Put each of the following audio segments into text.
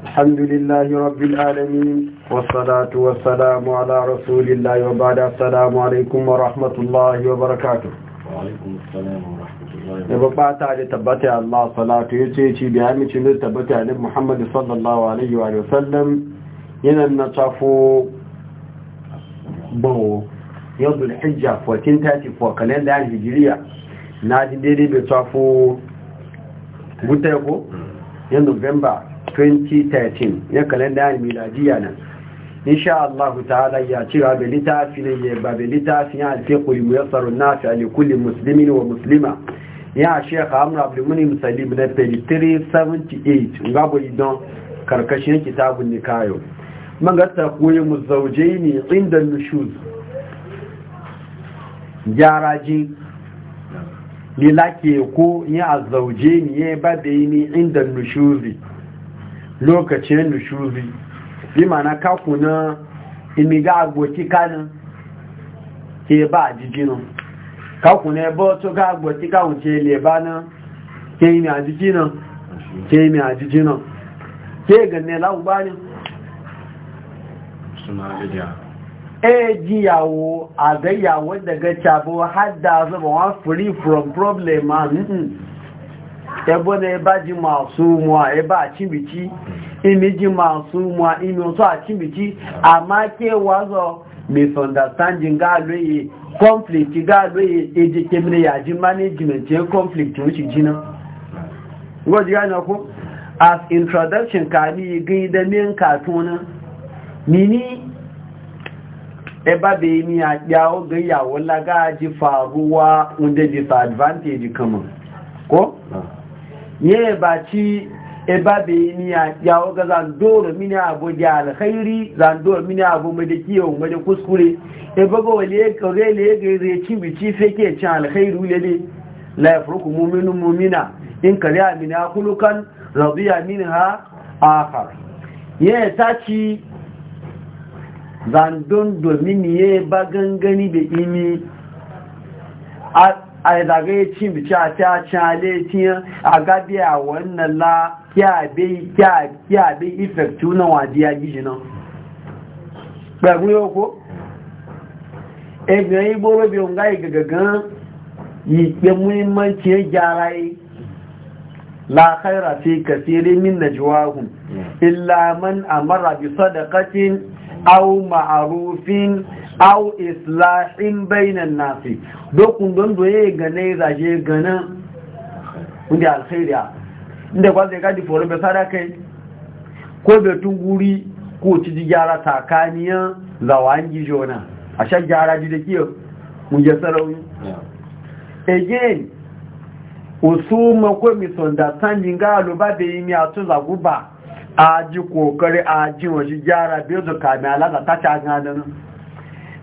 الحمد لله رب العالمين والصلاة والسلام على رسول الله وبعد السلام عليكم ورحمة الله وبركاته وعليكم السلام ورحمة الله وبركاته يبقى على تبتع الله صلاة يتيتي بعمل شنو تبتع محمد صلى الله عليه وآله وسلم ينم نطفو بو يوم الحجة 1434 كالندا الهجرية نادي ديري بتطفو قلت يا نوفمبر 2013 ya kalenda miladiya nan insha Allah ta'ala ya ci babu littafi ne ya babu litafi ya alfiqul muyassar nafi li kulli muslimin wa muslima ya shekha amr abu muni salim na 378 nga bu idan karkashin kitabun nikayo man mu zauje ne inda nushuz jaraji lilake ko ya da ya ni inda nushuzi lokacin nushuri bi mana kakuna imiga agboti kanu ke ba a kaku kakuna ebe otu ga agboti kawun ce leba na ke imi ajijinu ke imi ajijinu ke ganne laubanin suna ajiya ejiyawo agayawo daga cabo hada zuba one free from problem ma. ebe na ebe ji masu a ebe a cibici imi ji masu a imi otu a cibici amma kewa zọ misunderstanding ga aloye conflict ga aloye eji kemire ya ji management ya conflict wuce jina gwaji ya ku as introduction ka ni gani da min katunan mini eba da yi ni a yawo ga yawon laga ji faruwa wanda disadvantage kama ko? Ah. ye ba ci e ba be ni ya yawo ga zan doro mini abu da alkhairi zan doro mini abu mai da kiyo mai da kuskure e ba ga wale ka ga le e ga re e ci mi ci fe ke ci alkhairu le le la yafruku e mu'minu mu'mina in ya min akulukan radiya minha akhar ye ta ci zan don mini ye ba gangani da imi a a zagaye cin bici a ta cale tiyan a gabi a wannan la e bi ifektu na wadiya gishi nan gbẹ̀gbẹ̀ yi gboro ẹgbẹ̀ igboro yi gagagan yi yìí muhimmanci ya gyara yi la khaira fi kasirin min najwahum hmm. illa man amara bi sadaqatin aw ma'rufin au islahin bainan nasi dokun don doye gane zaje gana inda alkhairiya inda ba zai gadi forin bai sada kai ko betun guri ko ci ji gyara takaniyar zawan gijona a sha gyara ji da kiyo mun ya sarauni again usuma ko misunderstanding ga aluba ba yi mi atun zaguba a ji kokari a ji wajen gyara bezu kami alaƙa ta ta ganan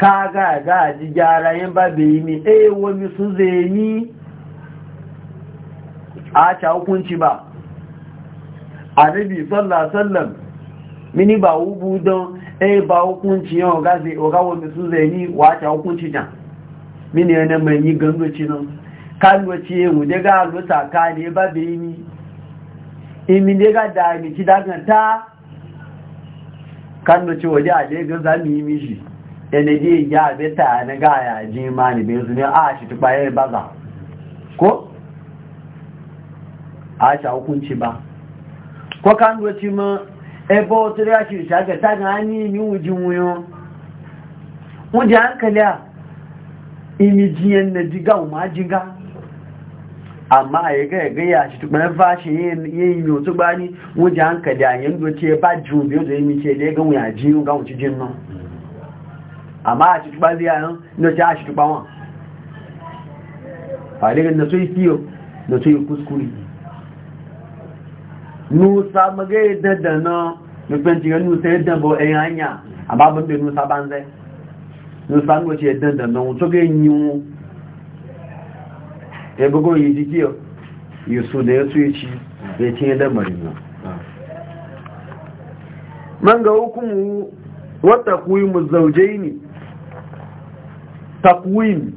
ka ga ga ji gyara yin ba bai yi mi eh wani su zai yi a ca hukunci ba a nabi sallasallam mini ba hubu don eh ba hukunci yau ga wani su zai yi wa ca hukunci can mini yana mai yi gandoci nan kalwaci ya wude ga alusa ka ne ba bai yi ni imi ne ga da amici daganta kan da ce waje a ne ga zami yi mishi ẹni bí ìyá àbẹ́ta ní gáyà jí máa nìbí ń súnmọ́ àṣì tó payẹ́ ìbázà kó àṣà hukunci ba kó ká ń lọ tí mọ́ ẹbọ́ tó rí àṣì ìṣàgẹ̀ tágà á ní ìníwò jí wúyán wọ́n jẹ́ àǹkàlẹ́ à ìmì jíyàn na jígá ò máa jígá àmá àyẹ́gẹ́ ẹ̀gẹ́ yà àṣì tó payẹ́ fáṣe ń amma a cikin baziya nan inda ta ashe tuba wọn a daga na soyi fiyo na soyi kuskuri nusa maga yadda da nan nufin cikin nusa yadda bau ɗin hanya a babin da nusa ban zai nusa an goce yadda da nan wuto ga yin yiwu ya bugo yi jiki yi su da ya su yi ci da ya cinye damarin nan man ga hukumu wata kuyi mu zaujai ne takwim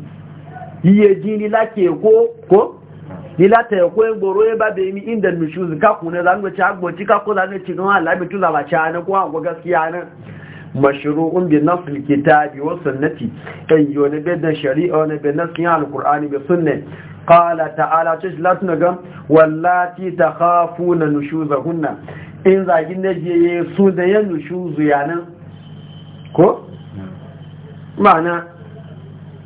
iye ji ni lake ko ko ni lati ẹ̀kọ́ ẹgbòrò ẹbá bẹ̀ ní indian machines kakùnrin lánàcí agbòjí kakùn lánàcí náà alábi tó làbàcí àná kó àwọn gaskiya na mashiru umbi nasir kitabi wa sunnati ayyo wani da shari'a wani bi nasin alqur'ani bi sunna qala ta'ala tajlat nagam wallati takhafuna nushuzahunna in zagin je su da yan nushuzu na? ko ma'ana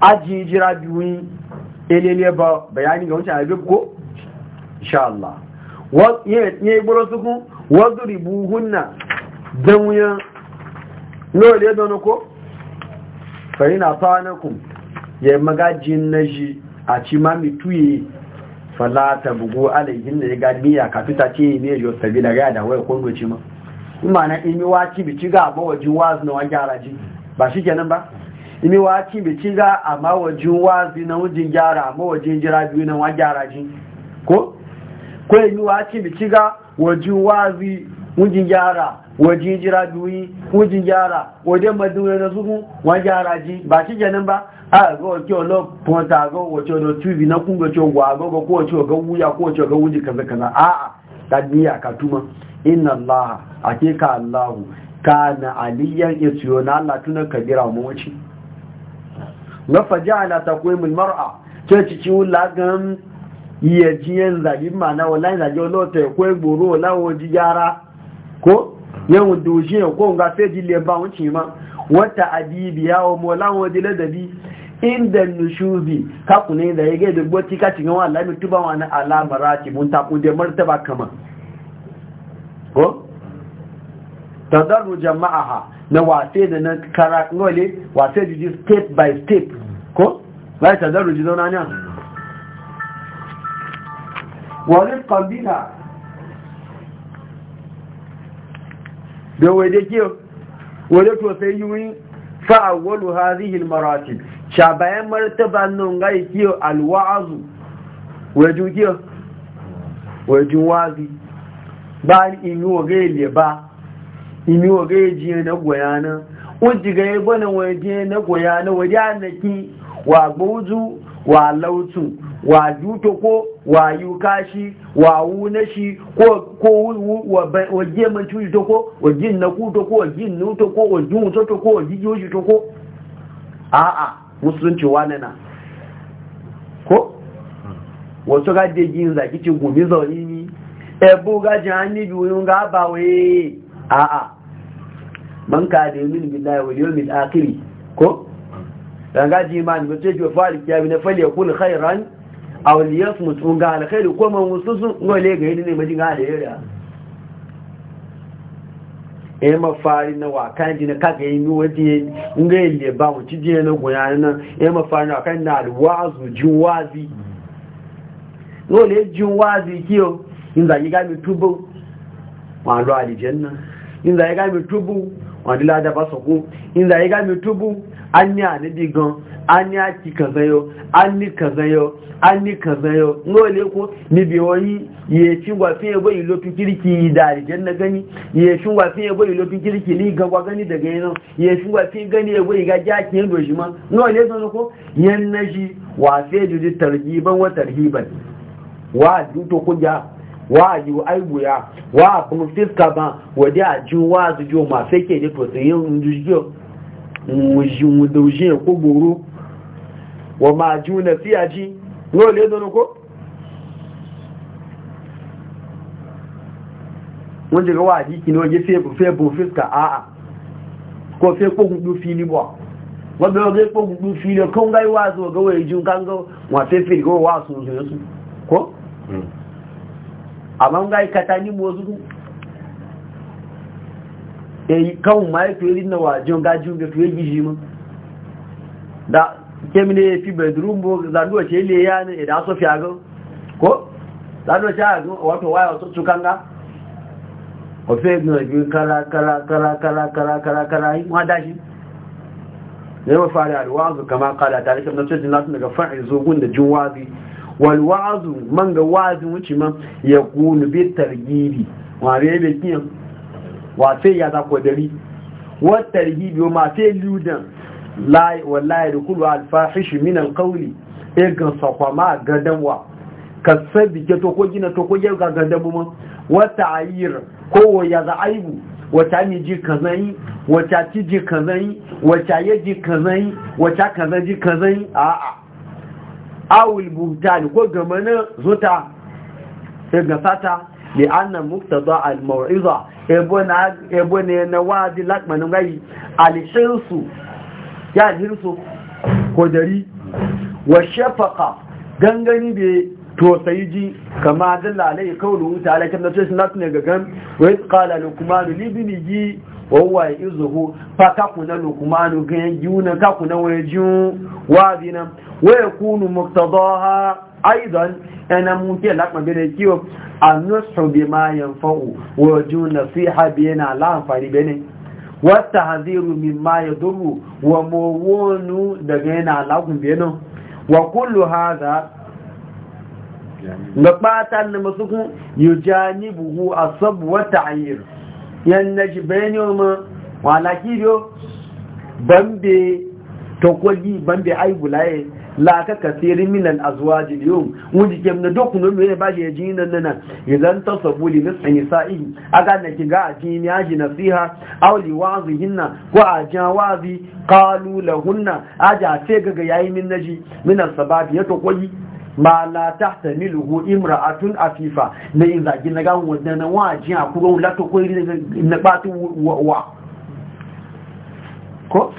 aji jira biyu elele ba bayani ga wancan abin ko insha Allah ya yi gboro suku wadda ribu hunna don wuyan lori don ko fari na fanakun ya yi magajin na shi a ci mami tuye falata bugu alayhin da ya gani ya kafita ce yi ne yau sabi da gaya da wai kondo ci ma in ma na in yi waci bici ga abawaji wazi na wani gyara ji ba shi kenan ba imi wa ci bi ci ga amma wajin wazi na wajin gyara amma wajin jira biyu na wa gyara ji ko ko imi wa ci bi ci ga wajin wazi wajin gyara wajin jira biyu wajin gyara wajen maduwa na zuhu wa gyara ji ba ci janin ba a ga wace wani ponta ga wace wani tubi na kunga ce wa ga ga kowace ga wuya kowace ga wuji kaza kaza a'a ta duniya ka tuma inna allaha akeka allahu kana aliyan isiyona allah tunan kabira mu wuce na faja'ala taqwimul mar'a ce ci ci gan iya jiyan zagi mana yin zagi lota ko gboro lawo ji yara ko yan doji ko nga fe ji le ba wuci ma wata adibi yawo mo lawo ji ladabi inda nushuzi ka kune da yage da gwati ka cikin alamitu ba wani alamara ci mun ta kunde martaba kama ko tadarru jama'aha na wase da na kara ngole wase da ji step by step ko bai tadarru ji zauna ne Wani rifqan da waje ke waje to sai yi fa awwalu hadhihi al maratib sha bayan martaba nan ga yake alwa'azu wajen waje ke Wajen wazi ba in yi wa gaile ba imi waga ya jiye na goya na wajiga ya bane waje na goya na waje annaki wa gozu wa lautu wa juto ko wa yuka shi wa wuna shi ko waje manci to ko waje na kuto ko waje nuto ko waje wuto to ko waje yoshi to ko a'a musulunci wane na ko wasu yin zaki ce gumi zaune ni ebu gajin hannu biyu ga bawaye a'a ban ka da yamin billahi wal yawmil akhir ko dan gaji imani ba ce fali ya bi na fali ya kun khairan aw yasmut un ga khair ko man wususu le ga yidin ne ma ga da yara e ma fari na wa kan ji na ga yi waje ngo le ba mu ci je na goya na e ma fari na kan na alwazu juwazi ngole juwazi kiyo inda yi ga mi tubo ma lo janna. inda ya gami tubu wani lada ba su ku inda ya gami tubu an ni nidi gan an ni ki kazayo an ni kazayo an ni kazayo nole ko nibi wani wa ci gwafin ya bai lofin yi da alijan na gani ya ci gwafin ya bai lofin kiriki ni gagwa gani daga ye ya e wa gwafin gani ya bai ga jaki yin doji ma n'o le zo ko yan na shi wafe jiri targiban wa tarhiban wa duto kunja wa yi wa aibu wa kuma fiska ba wadi a ji wa su ji ma sai ke ne to sai yin ko buru wa ma ji na fiya ji no le don ko wọ́n jẹ́ wà ní kìí wọ́n jẹ́ fẹ́ bò físka àà kò fẹ́ kókùnkú fílì bọ̀ fili bẹ̀rẹ̀ fẹ́ kókùnkú fílì kọ́ngáíwá sí ọgọ́wẹ̀ ìjú kángọ́ wa fẹ́ fẹ́ ìgọ́wà sọ̀rọ̀ sọ̀rọ̀ ko? amma ga ikata ni mo zuru e kan mai to ri na wa ga ju ga to yi ji mu da kemine fi bedroom bo da duwa ce le ya ne da so fi ago ko da do cha ago wato waya so su kanga o fe gno ju kala kala kala kala kala kala kala yi mu da shi ne wa fara da alwazu kama kala da rikin na cikin nasu daga fa'izu gun da juwazi wal wa'azu man ga wa'azin wuce man ya kunu bi targibi wa re bai kiyan wa sai ya za ko dari Wata targibi ma sai ludan la wallahi dukulu al fahish min al qawli e ga sakwama gadan wa kasabi ke to ko gina to ko ga gadan mu Wata ta'yir ko ya za aibu wata ni ji kazan wata ci ji kazan wata ya ji kazan wata kazan ji kazan a'a awul buhtani ko gama na zuta ga fata da annan muktada al-mau'iza ebo ne na wadi lakmanin gari alishinsu ya hirsu ko dari wa shafaka gangani da tosayi ji kama dalla alai kaulu ta alai kan nace sun latne ga gan wa qala luqman li binihi wa huwa yuzuhu fa kakuna lokumanu ganyen yuna kakuna wajun wa bina ويكون مقتضاها ايضا انا ممكن لك ما بين الكيو النصح بما ينفع وجو نصيحة بينا لا أنفعني بينا والتحذير مما يضر وموون دغينا لكم بينا وكل هذا نقبات المسكون يجانبه الصب والتعيير ينجي بينهما ولكن كيلو بمبي تقولي بمبي عيب لايه laka kasirin minan azwajil yau wani jikin na duk nun ne ba ya jin nan nan idan tasabu li nisfi nisa'i a gane ki ga jin ya ji nasiha auli wazi hinna, ko a jawazi hunna, lahunna a ce gaga yayi min naji Minan sababi ya ta kwayi ma la tahtamiluhu imra'atun afifa Na yin zagi na ga wannan waji a kuma la to koyi na ba wa ko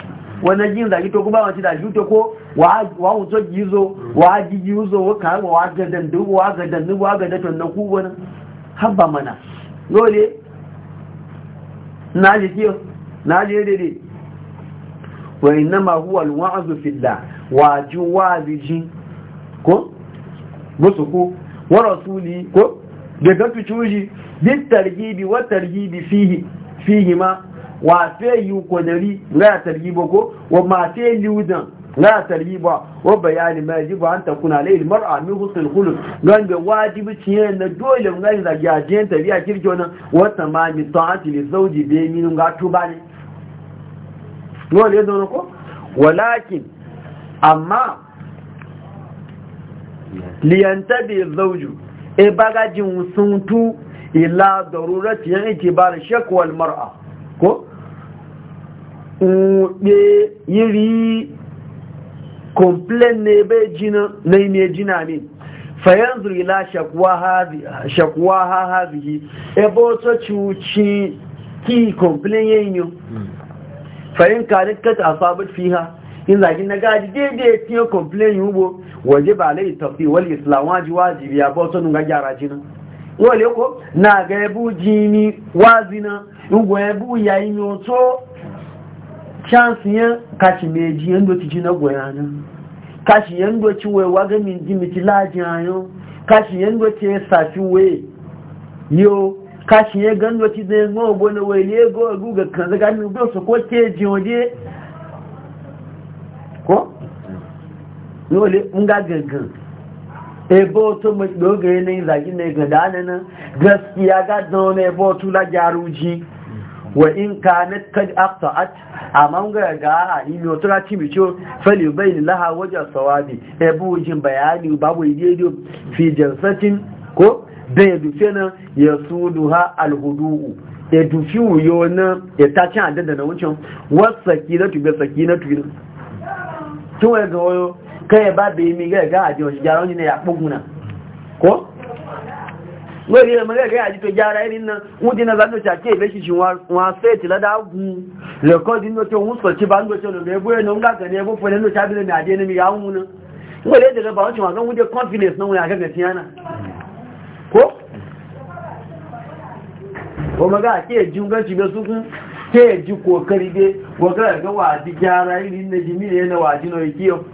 wannan jin zagi to kuma wace da shi to ko wa wa so gizo wa gigi uzo wa ka wa ga dan du wa ga dan wa ga da na ku wani habba mana dole na ji kiyo na ji dede wa ma huwa alwa'zu fillah wa juwabiji ko musu ko wa rasuli ko da tuci wuji bi targibi wa targibi fihi fihi ma wa fe yi kodari la tarhiba ko wa ma fe liudan la tarhiba wa bayani ma yajibu an takuna lail mar'a min husnul khuluq gan da wajibi ciye na dole ngai da gajen tabiya kirki wannan wa tamami ta'ati li zawji be min ga tuba ne dole zo ko walakin amma yantabi zawju e bagajin suntu ila darurati yan itibar shakwal mar'a ko nwoke yiri complain na ebe jina na ime jina ne fayanzu ila shakuwa ha hazihi ebe otu cuci ki complain yanyo fayin karin kata a sabon fiha in zagin na gaji daidai ya complain yi ugbo waje ba lai tafi wali islam waji wajibi ya bauta nunga gyara jina wale ko na ga ebu jini wazina ugbo ebu yayin yoto chance yin kashi meji yin dokici na goyanin kashi yin doki wai waga min jimiti lajin ayon kashi yin doki ya safi wai yo kashi ya gan doki zai gwa gwani wai ne gwa guga kan zaga min gwa su ko ke jiyoje ko? nole nga gangan ebe otu mai dogaye na yin zagi na gada nan gaskiya ga zaune ebe otu la uji. wa in ka kanat kad aqta'at amma ga ga ni wato ra ci bicho fali bayin laha waja sawabi e bu jin bayani babu yidiyo fi jansatin ko bai ya dufe na ya suduha alhudu'u ya e, dufi wuyo na ya ta cin adada na wucin wasu na tube saki na tube tun wani ga kai ya ba da yi mi ga ga ajiyar shi gyaran ne ya na ko lórí ẹ̀mọ́ gẹ́gẹ́ àjíjọ jára ẹni náà wọ́n dínà lánàá tí a kí èfẹ́ ṣìṣì wọn fẹ́ẹ̀tì lọ́dáàgùn lẹ́kọ́ dínà tó ń sọ tí bá ń gbẹ́sẹ̀ lọ́gbẹ́ ẹgbẹ́ ẹ̀nà ń gàgẹ̀ ní ẹgbẹ́ fún ẹ̀nà tábìlẹ̀ ní àdé ẹni ya ń náà wọ́n akẹ́kẹ̀ẹ́ ti yánà kó ọmọ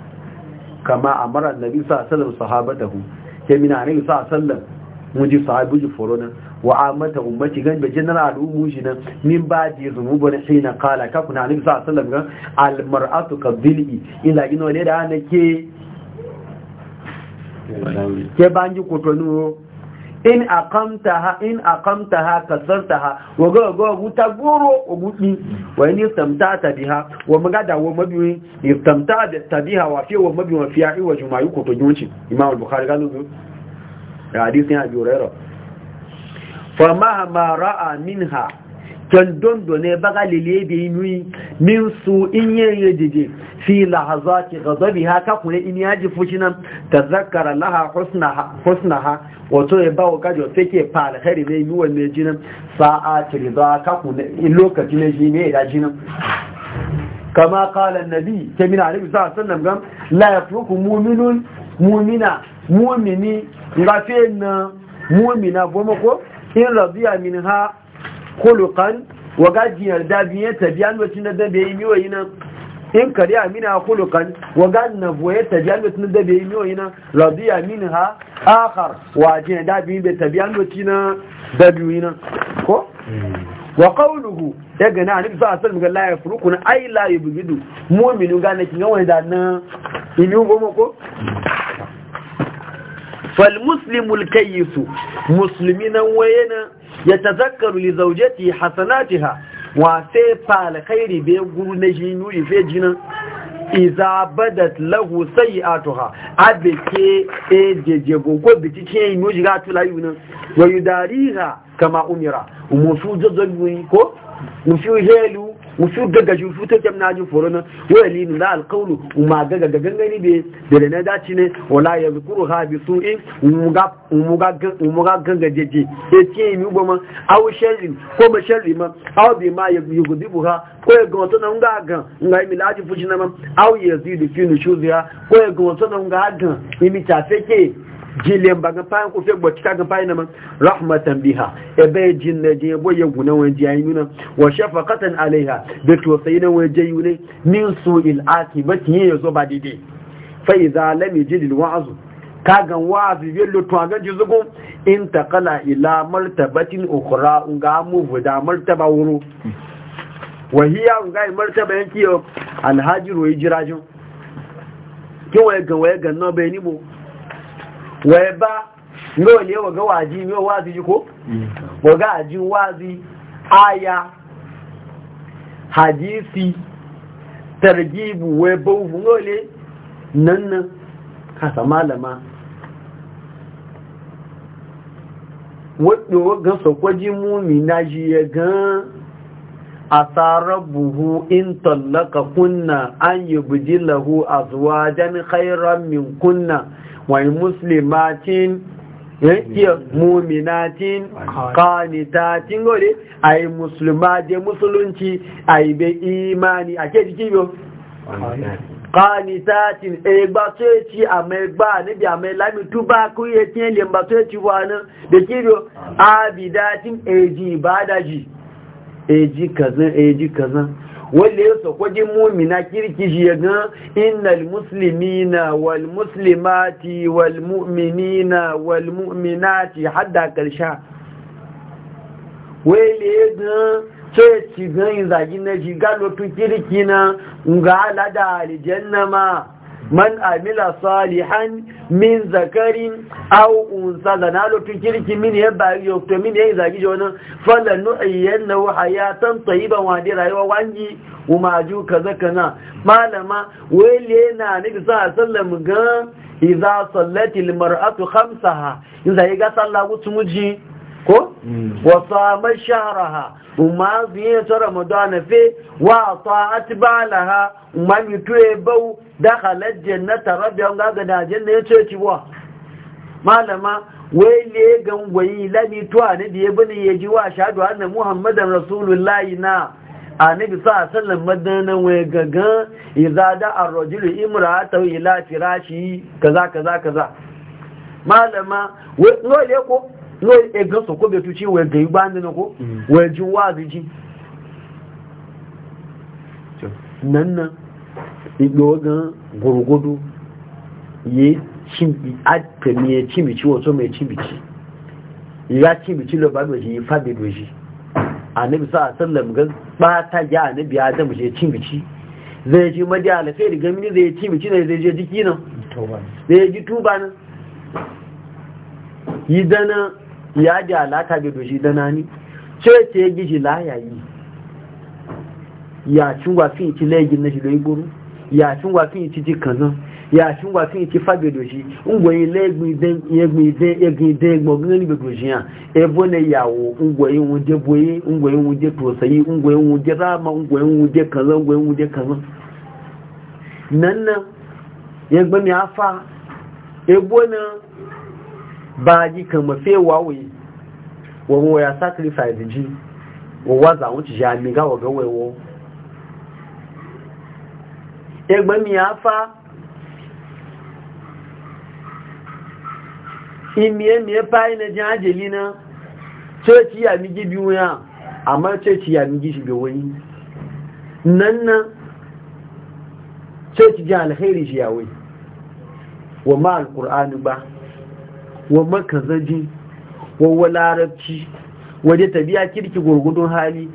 kama amara annabi sallallahu alaihi wasallam ke mina annabi sallallahu alaihi wasallam muji sahabu ji forona wa amata ummati gan be general al'ummu shi nan min ba ji zumu bane sai na kala ka kuna annabi sallallahu alaihi wasallam al mar'atu kadhili ila gino ne da nake ke banji kotonu in ha in ha aqamtaha kasartaha waga waga wuta goro ogudi wa ni in ta biha wa magada wa ni da ta biha wa fi wa mabiwi wa fi'i wa jumayu ko to gunci imam al-bukhari ga lugu hadisi ya hurairah fa ma ma ra'a minha tondondo ne baga lilebe inui min su in yi dide fi lahazati ghadabi haka kuma in yaji fushina tazakkara laha husnaha husnaha wato ya bawo kajo take fa hari ne mi wanne jinan sa'ati ridha ka kuma in lokaci ne shi ne da jinan kama qala annabi kamina alaihi sallam gan la yafruku mu'minun mu'mina mu'mini na mu'mina goma ko in min ha. khuluqan wa gaji yarda biye tabiyan wacin da dabe yi miwa yinan in kare amina khuluqan wa gaji na boye tabiyan wacin da dabe yi miwa yinan radiya minha akhar wa ji yarda biye be tabiyan wacin da dabe yinan ko wa qawluhu ya gana annabi sallallahu alaihi wasallam la yafruquna ay la yubghidu mu'minu ga ne kin wani da nan inu gomo ko fal muslimul kayyisu muslimina wayena ya tazakkaru li zaujati hasanatiha wa sai fal khairi be gurna na ife nuri jinan iza badat lahu sayi'atuha abike e jeje gogo biti ke inu jiga tulayu nan wa yudariha kama umira musu jojo ko musu helu musu gaga ju futa kam na ju forona wa linu la alqawlu ma gaga gani be da na dace ne wala ya zukuru ha bi su'in muga muga ga ganga jeje sai ce mi goma aw sharri ko ba sharri ma aw bi ma yugudibu ha ko ya gonto na nga ga nga mi laji fuji na ma aw yazidu fi nushuziha ko ya gonto na nga ga mi ta feke jilin bagan fayin ku fe gbaci kagan na naman rahmatan biha ebe jin na je boye guna wani jiya yi nuna wa shafaqatan alaiha da tosai na wani je yune min su'il akibati yin zo ba daidai fa idza lam yajid wa'azu kagan wa'azu bi to ga ji zugo in taqala ila martabatin ukhra ga mu da martaba wuru wa hiya ga martaba yanki alhajiru hijrajun kin waye ga waye ga no be ni bo wai ba yau ne waga waji yau wazi ji ko? waga aji wazi aya hadisi targibu wai baubu ne nan nan kasa malama wadda gan sakwaji mumi na ji ya gan a buhu in tallaka kunna an yi bujilahu a zuwa jan min kunna wani muslimatin yankiyar muminatin kanitatin gore a yi musulma je musulunci a yi bai imani a ke jiki biyu kanitatin egba tó yẹ ci àmà egba níbi àmà ìlàmì tó bá kú yẹ tí ẹlẹ́ mbà tó yẹ ci wà náà da kí biyu abidatin E ji kaza, kazan ji kazan wanda ya sakwajin mumina kirki shi ya gan innal na wal muslimati wal na wal mu'minati hadda karsha wanda ya gan ce ci gan zagi na shiga lotun kirki na ga alada aljanna ma man amila salihan min zakarin aw unsa da na lotun kirki min ya ba yo to min ya zagi je fala nu ayyanna wa hayatan tayyiban wa di rayuwa wangi umaju kaza kana malama wele na sa sallam ga idza sallati mar'atu khamsaha in zai ga sallah gutumuji ko hmm. wasu amai shaharaha umar yi ta ramadana fe wa ta ha umma mito ya e bau da halar na gaga ga gada na ya ce wa. malama wai ne gangwayi lami tuwa ne da ya bane ya ji wa shaɗu annan muhammadan rasulullahi na a nabi sa sallan madana wai gagan izada arrojulu imra ta ila firashi kaza kaza kaza malama wai ne ko ló ẹgbẹ́ sọ̀kọ́ bẹ̀ tó tí wẹ̀ gẹ̀ igbá nínú kó wẹ̀ jí wà rí jí nanna ìgbòógan gọ̀rọ̀gọ́dọ̀ yìí àtẹ̀mí ẹ̀chìmìchì wọ́n tó mẹ́ ẹ̀chìmìchì ìyá chìmìchì lọ bá gbẹ̀jì yìí fàgbẹ̀dọ̀jì annabi sa sallam ya adam je chimici zai ji madi alkhairi ga zai zai zai ji yi dana ya ji alaka da doshi da nani ce ce gishi layayi ya cin wafin ci laigin na shi don igboro ya cin wafin ci ji kanan ya cin wafin ci fabe doshi ngwayin laigin idan gbogbo ni doshi ya ebo ne yawo ngwayin wuje boye ngwayin wuje tosayi ngwayin wuje rama ngwayin wuje kaza ngwayin wuje kaza nan nan ya gbami afa ebo na Ba kan mọ̀ fẹ́ wáwé wọ́n wọ́n ya sacrifice jí wọ́n wá zàwọn ti ṣe ga gáwọ̀ gánwọ̀ ẹ̀wọ́ ẹgbẹ́ mi a fa imi emi ẹpa ẹnẹ jẹ́ àjèlí náà tí ó ti yà mí jí bí wọ́n yà àmọ́ tí ó ti yà mí jí ṣe bí wọ́n yìí wa makazaji wa walarabci waje tabiya kirki gurgudun hali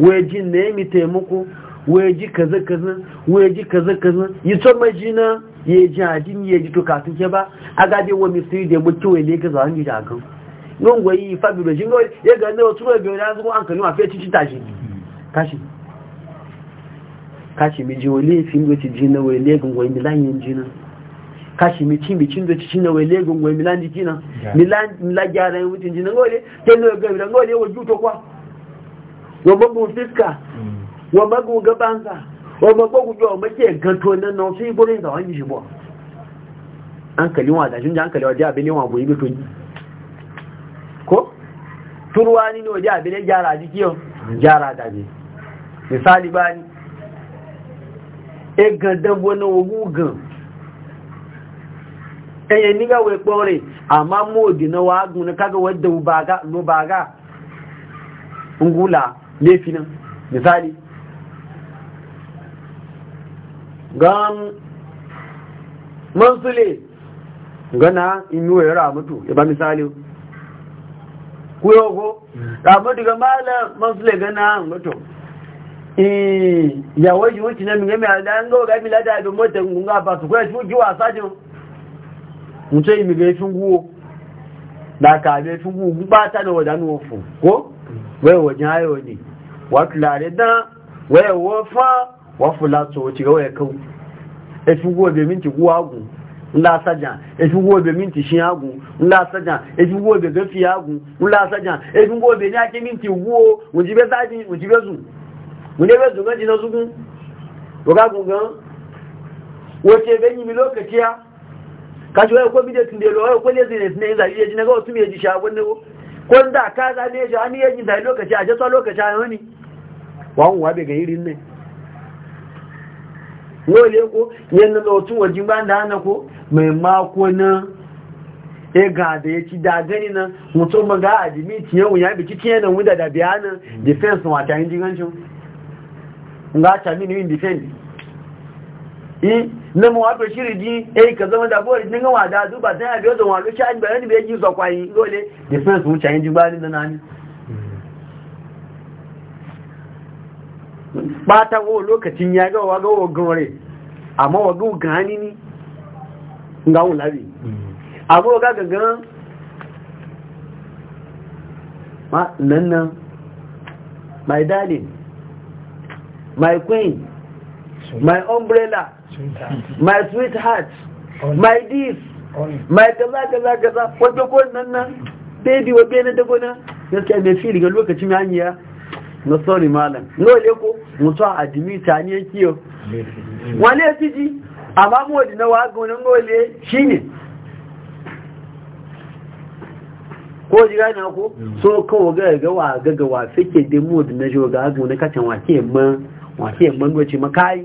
waje na ya ya muku waje kaza kaza waje kaza kaza yi son majina ya ji hajjin ya ji tukatun ke ba a gaje wa misiri da mutu wa ne ka zuwa hanyar da kan yin gwayi fabi da jingo ya ga nawa tura biyu na zuwa an kanuwa fiye cikin tashi kashi kashi mai ji wa laifin wace jina wa laifin gwayi da layin jina kashi mici micin da cikin wai legun wai milan jiki na milan gyara yin mutum jinin gole ta nuna gabi da gole wa juto kwa wa magun fiska mm. wa magun gabanza wa magun jawa make gato na na wasu iborin da wani shi an kalli wa da shunja an kalli wa da wa yawan yi bi tuni ko turuwa ni ne wa da abin gyara jiki yau gyara da ne misali ni, e gandan wani wogu gan ẹ̀yẹ nígbà wẹ̀ pọ̀ rẹ̀ àmá mú òdìnà wà gùn ní kága wọ́n dẹ̀ ló bá gá ngúlà misali gan mọ́sílẹ̀ gana inú ẹ̀ mutu ya ba misali kuyogo ramatu ga mala mọ́sílẹ̀ gana mutu ìyàwó yìí wọ́n ti na mi gẹ́mì àdá ń gọ́gá mi ládàá ìdòmọ́tẹ̀ ń gúnga bá sùkúrẹ̀ tí ó jíwà sájọ́ nce imi ga yafin guwo da ka ga yafin guwo ba ta da wadanu wofu ko wai wajen hayo ne wato lare da wai wofa wafu lato wace ga waya kau yafin guwo bai minti guwa gu nla sajan yafin guwo bai minti shi agu nla sajan yafin guwo bai gafi agu nla sajan yafin guwo bai ni ake minti guwo wujibe zaji wujibe zu wujibe zu ganji na zugun waga gungan wace ganyi mi lokaci ya kashi wai ko bide tun da yalo ko lezi ne tunai za iya ji na ga wasu mai ji shagon ne ko da ka za ne ji ani yaji da lokaci a je so lokaci a hani wawun wa bai ga irin ne wole ko yanna da wasu wajin ban da hana ko mai mako na e ga da ya ci da gani nan mutum ma ga adimi tiyan wuya biki tiyan nan wuda da biyanan defense wata yin jigancin nga ta mini yin defense na mu wato shiri di eh ka zama da bori ninga wa da duba dan abi wato wa lucha an bayani bai ji so dole defense mu chain ji bani da nani ba ta go lokacin ya ga wa ga wa gore amma wa ga gani ni nga won labi amma ga gangan ma nan nan my darling my queen my umbrella my sweetheart my this my kaza kaza kaza wato ko nan nan baby wa bene da gona gaskiya mai fili ga lokacin hanyar, na sorry malam no le ko mutu adimi ta ne kiyo wale ji amma mu wadi na waga wannan shi ne, ko ji gani ko so kawo gaga wa gaga wa fike dimu mu na joga ga na kacan wa ma, man ma ke man wace makai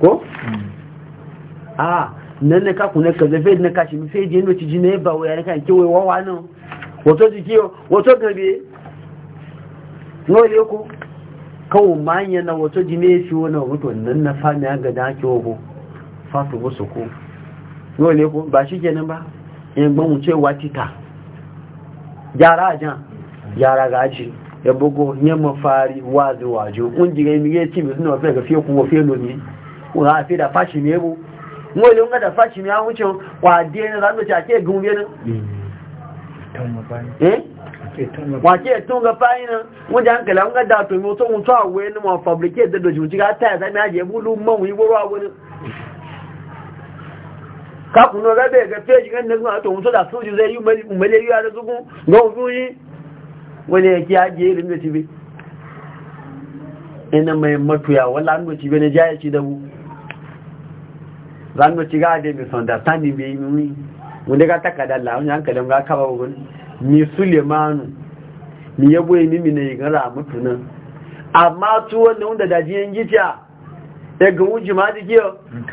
ko hmm. a nan na kaku na kaza fe na kashi fe jini no ciji ne ba waya kan ke wai wawa nan wato jiki wato gabe no le ko kawo manya na wato jine shi wannan wato nan na fa na ga da ke wo fa su wasu ko no le ko ba shi kenan ba in gban mu ce gyara yara jan yara gaji ya bugo ne fari wazi wajo kun jira mi ya ci mi suna wasu ga fiye kuma fiye lo ni wa fi da fashi me bu mo le nga da fashi me awun chon wa de na zanu cha ke gun bi na eh wa ke tun ga fayi na mo jan kala nga da to mo to a to awe ni da fabricate da doji ga ta za mi aje bulu mo wi woro awe ni ka kun no rabe ga feji ga nan to mo to da soju zai yi mo le a ara zugun ga ofun yi wani ki aje rin da tibi ina mai matuya wala an ci bane jaya ci da mu zango ci ga e da be yi mi wanda ga da la wani hankalin ga kaba gun ni Sulemanu mi yabo ni mi ne ra mutuna amma tu wanda wanda da jiyan gita e ga wuji ma dike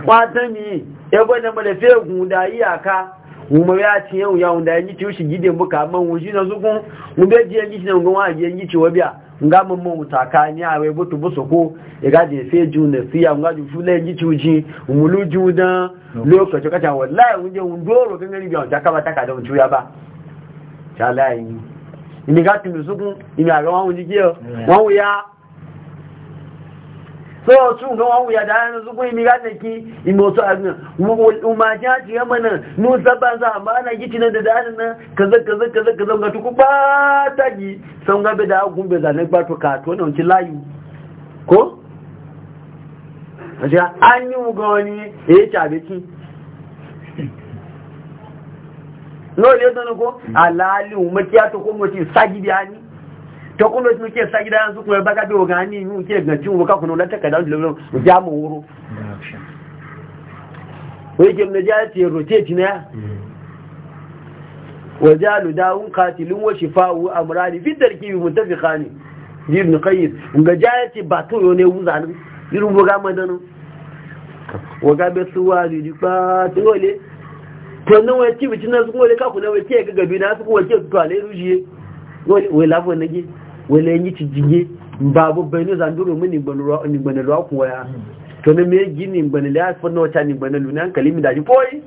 kwata mi ya gwada fe gun da iyaka wuma um ya ci yau ya wanda yanki ciwo shi gide muka amma wuji na zukun wube ji ci na ngon wa yanki ciwo biya nga mun mun taka ni awe butu buso ko ya gaje fe ju na siya nga ju fule yanki ciwo ji umulu ju da lokaci kacha wallahi wunje wundoro kan gari biya ta kaba taka da wuci ya ba ta layi ni ga timi zukun ni ga wa ya so su ga wawu ya da yanzu kun mi ga ki in bo su azna umma ja ji mana nu zaba za amma ana gici nan da dan na? kaza kaza kaza kaza ga tuku ba ta gi san ga be da gun be zane ba to ka to nan ki layu ko aja an yi ga wani eh ta be ki no le dan ko alali umma ki to ko mo ti sagi bi ani to kuma su muke sa gida su kuma baka biyo ga ni mu ke gaji mu ka kuno lantaka da lulu mu ja mu wuro wai ke mun ja ti rotate ne wa jalu da'un qatilun wa shifa'u amrani fi bi mutafiqani ibn qayyim ga ja ti ba to yo ne wuzanin irin buga madanu wa ga be suwa di pa to le to no wa ti tinan su kuma le ka kuno wai ke ga gabi na su kuma ke to ale rujiye wai lafo nage wale yi ci jige babu bani zanduru mu ni gbanura ni gbanura ku waya, to ne me gini gbanula ya fa no ta ni gbanulu nan kalimi da ji foyi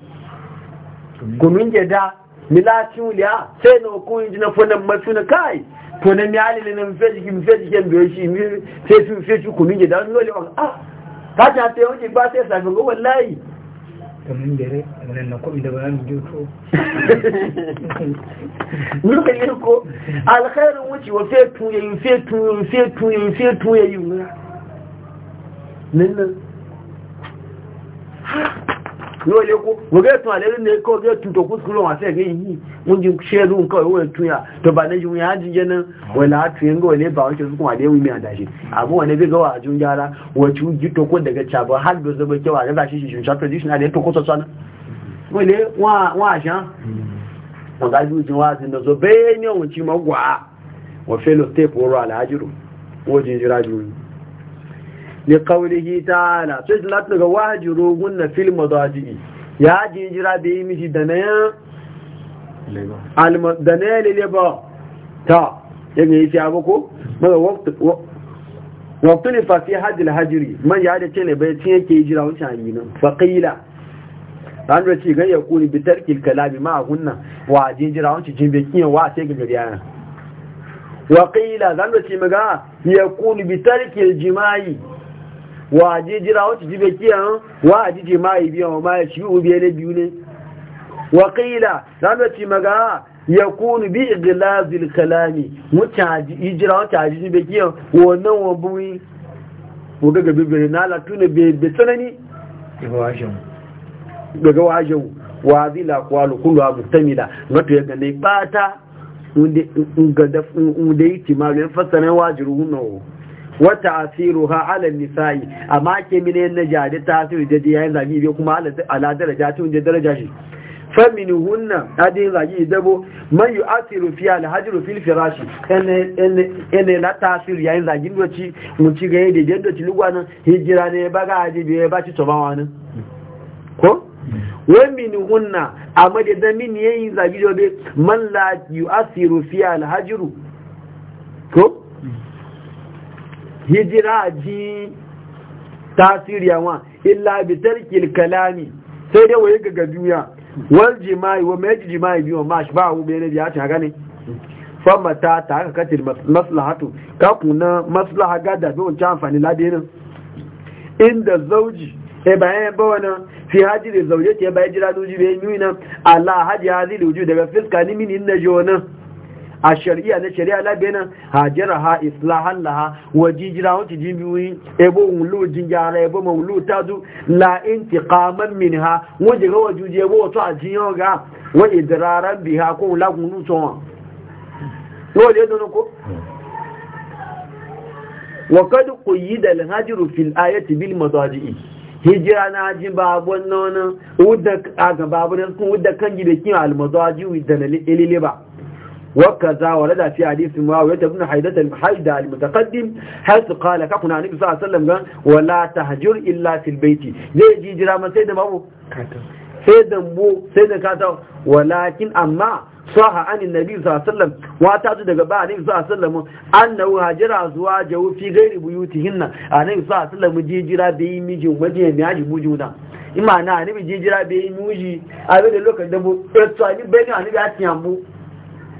kunun je da milati uliya sai na ku inji na fonan masu na kai to ne mi ali ne mi feji ki mi feji ken do shi mi feji feji kunun je da no le ah ta ta te o ji ba sai sa go wallahi ತೊಂದರೆ ನನ್ನಕ್ಕೂ nuka yi ko alkhairin wucewa fetu ya yi fetu ya yi fetu ya yi fetu ya yi wura nan nan yóò lé kó wògé tún àlẹ́rí ní kó wògé tún tòkú sùkúrò wọn fẹ́ yìí wọ́n jí ṣẹ́rù nǹkan ìwé tún yà tó bá lẹ́jú wọn jíjẹ́ náà wọ́n là á tún yẹn gbọ́ ilé bá wọn ṣe sùkún àdé wíwí àdáṣe àbú wọn ẹbí gọ́wà àjún yára wọ́n ti jí tòkó dẹ̀gẹ̀ tàbọ̀ hálùdó sọ́gbẹ́ kẹwàá rẹ̀ bá tradition àdé tòkó sọ́sọ́ náà wọ́n lé wọ́n àṣà wọ́n gájú ti wá sí lọ sọ bẹ́ẹ̀ ní ọ̀hún ti mọ́ gbà wọ́n fẹ́ lọ tẹ́ẹ̀pù ọrọ̀ àlàájúrò wọ́n liƙaunihi ta'ala sai su lati daga wajiro gunna fil madaji'i ya ji jira yi mishi da na ya ta yadda ya ce abu ko maza waktu ne fafi hajjil hajjiri man ya da ce bai yake jira ya kuni bitar kilkalami ma a hunna wa jinjira jira wancan jin wa sai gagari yana waƙila ran da ce maga ya kuni bitar jima'i. wa ji jira wacce ji bai kiyan wa a ji ji ma ibi wa ma shi ubi ne biyu ne wa qila zalati maga kunu bi iglazil kalami mutaji ijira wacce ji ji bai kiyan wannan wa buwi ko ga gabe bai na la tuna bai bai sanani daga wajen wa zila kwalu kullu mustamila mato ya gane bata wanda ga da yi timarin fasarin wajiru hunnawo wata asiru ha ala nisa'i amma ke mine na jari ta asiru da da yayin zagi bai kuma ala daraja ta wunje daraja shi famini hunna adin zagi dabo man yu asiru fi al hajru fil firashi ene ene la ta asiru yayin zagi doci mun ci ga yadda yadda ci lugwanin hijira ne ba ga aji bai ba ci toba wani ko mini hunna amma da mini yayin zagi dobe man la yu asiru fi al ko hijira ji tasiri yawa illa bi tarkil kalami sai dai waye ga duniya wal jima'i wa mai jima'i biyo ma shi ba hu bai ne ya ta gane famma ta ta ka katil maslahatu ka kuna maslaha ga da bi ta amfani ladinin inda zauji e bayan ba wannan fi hajiri zauje ya ba jira duji be yi ala hadi duji daga fiska ni min inna jona a shari'a na shari'a labenan hajjara ha islahan laha waje jira wanci jin biyoyi ebo wulu jin gyara ebo ma wulu ta zu ti intiqaman min ha waje ga wajuje ebo wato a jin yau ga wani idraran biha ko lagun gunu to wa no yadda don ko wa kad quyida al fil ayati bil mazaji'i hijira na ji babon nonon wadda a gaba abin sun wadda kan gidakin almazaji da na ilile ba وكذا ورد في حديث معاوية بن حيدة حيدة المتقدم حيث قال كقنا النبي صلى الله عليه وسلم قال ولا تهجر إلا في البيت زي جي جرام سيدنا بابو سيدنا بو سيدنا كاتا ولكن أما صح عن النبي صلى الله عليه وسلم واتاتو daga ba annabi sallallahu alaihi wasallam annahu hajira zuwa jawu fi ghairi buyutihinna annabi sallallahu alaihi wasallam jijira bai mijin wajen mai haji mujuna imana annabi jijira bai miji abin da lokacin da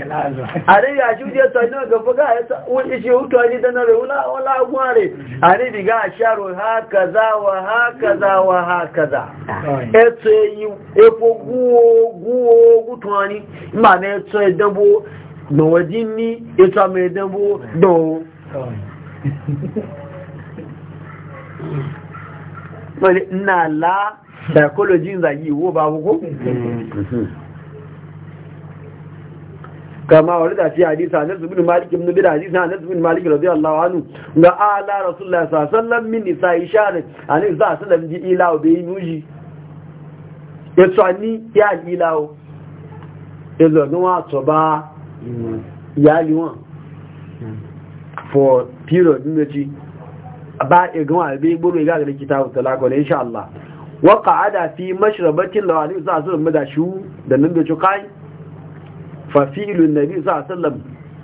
àríyà àṣíwájú ẹ̀tọ́ iná gafagá iṣẹ́ òtò ẹni dáná rẹ̀ ọlágún rẹ̀ àríbi gá àṣàrò ha kàzá ha kàzá ha kàzá ẹ̀tọ́ ẹ̀yìn epo gúogún كما ورد في حديث hadisa anas مالك بن بدر حديث hadisa anas مالك رضي الله عنه ga ala رسول الله صلى الله عليه وسلم من نساء اشار ان ji ilawo bai nuji ya tsani ya يا ya zo ga wato ba ya for period din da egun ba gboro ga wa bai buru ga ga insha Allah wa qa'ada fi mashrabatin lawani za sallam da shu da nan da fa fi'lun nabi sallallahu alaihi wasallam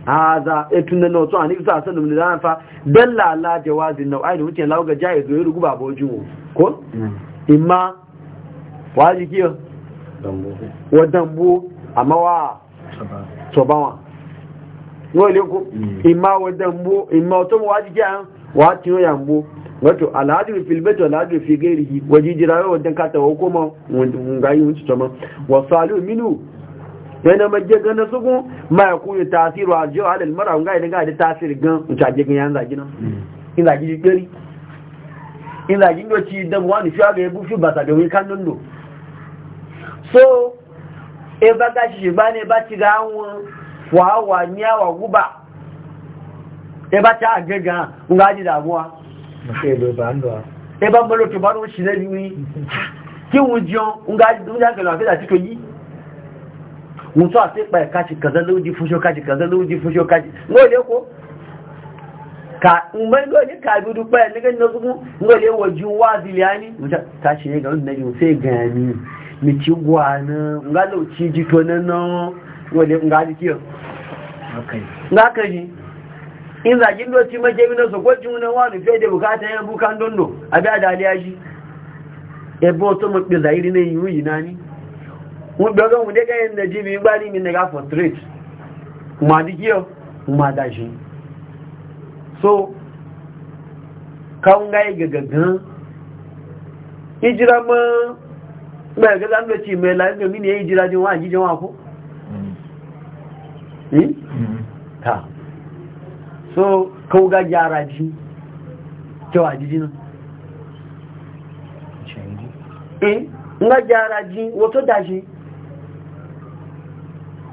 hadha etun nan wato annabi sallallahu alaihi wasallam da fa dalla ala jawazin nau'ai da wuce lawo ga jaiz zo rugu ba boju ko imma waji kiyo dambo wa dambo amma wa sobawa le ko imma wa dambo imma to waji kiyo wa tiyo yambo wato alhadir fil bait wal hadir fi ghairihi waji wa dan ka tawo ko ma ngai wuce to ma salu minu yana majje gan na suku ma ya kuyi tasiru a jiwa alal mara ga idan hmm. ga da tasiri gan in ta jigan yan zagi nan in zagi jikari in zagi yoci dan wani shi ga yabu shi ba sa da wai kan nan do so e ba ga shi ba ne ba ci ga an wa wa niya guba e ba ta gaga in ga ji damuwa e ba ndo e ba molo to ba ro shi na biwi ki wujo in ga ji dun ja ga lafiya ci yi mutu a sai ɓaya kaci kaza lauji fusho kaci kaza lauji fusho kaci ngole ko ka umar ngole ka bi duk ɓaya daga na zuku ngole waji wa ziliyani ta shi ne ga wani naji sai gani mi ci gwana nga lauci ji to nan nan ngole nga ji kiyo nga ka ji in zagin doci mace bi na sokwaci wani wani fiye da bukata yan bukan dondo a bi a daliya shi ebe otu mafi zahiri ne yiwu yi na gbọ́gbọ́n mú dẹ́gẹ́ ẹ̀nà jí mi gbá ní mi nìga for straight ma dí kí ọ ma dáṣe mm. hmm? mm. so káwọn gáyé gẹ̀gẹ̀gán ìjírá mọ́ gbẹ̀gẹ́gá ń mẹ́lá ẹgbẹ̀ mí ní ìjírá jẹ́ wọ́n àjíjẹ́ wọn àkó so káwọn gá jẹ́ ara jí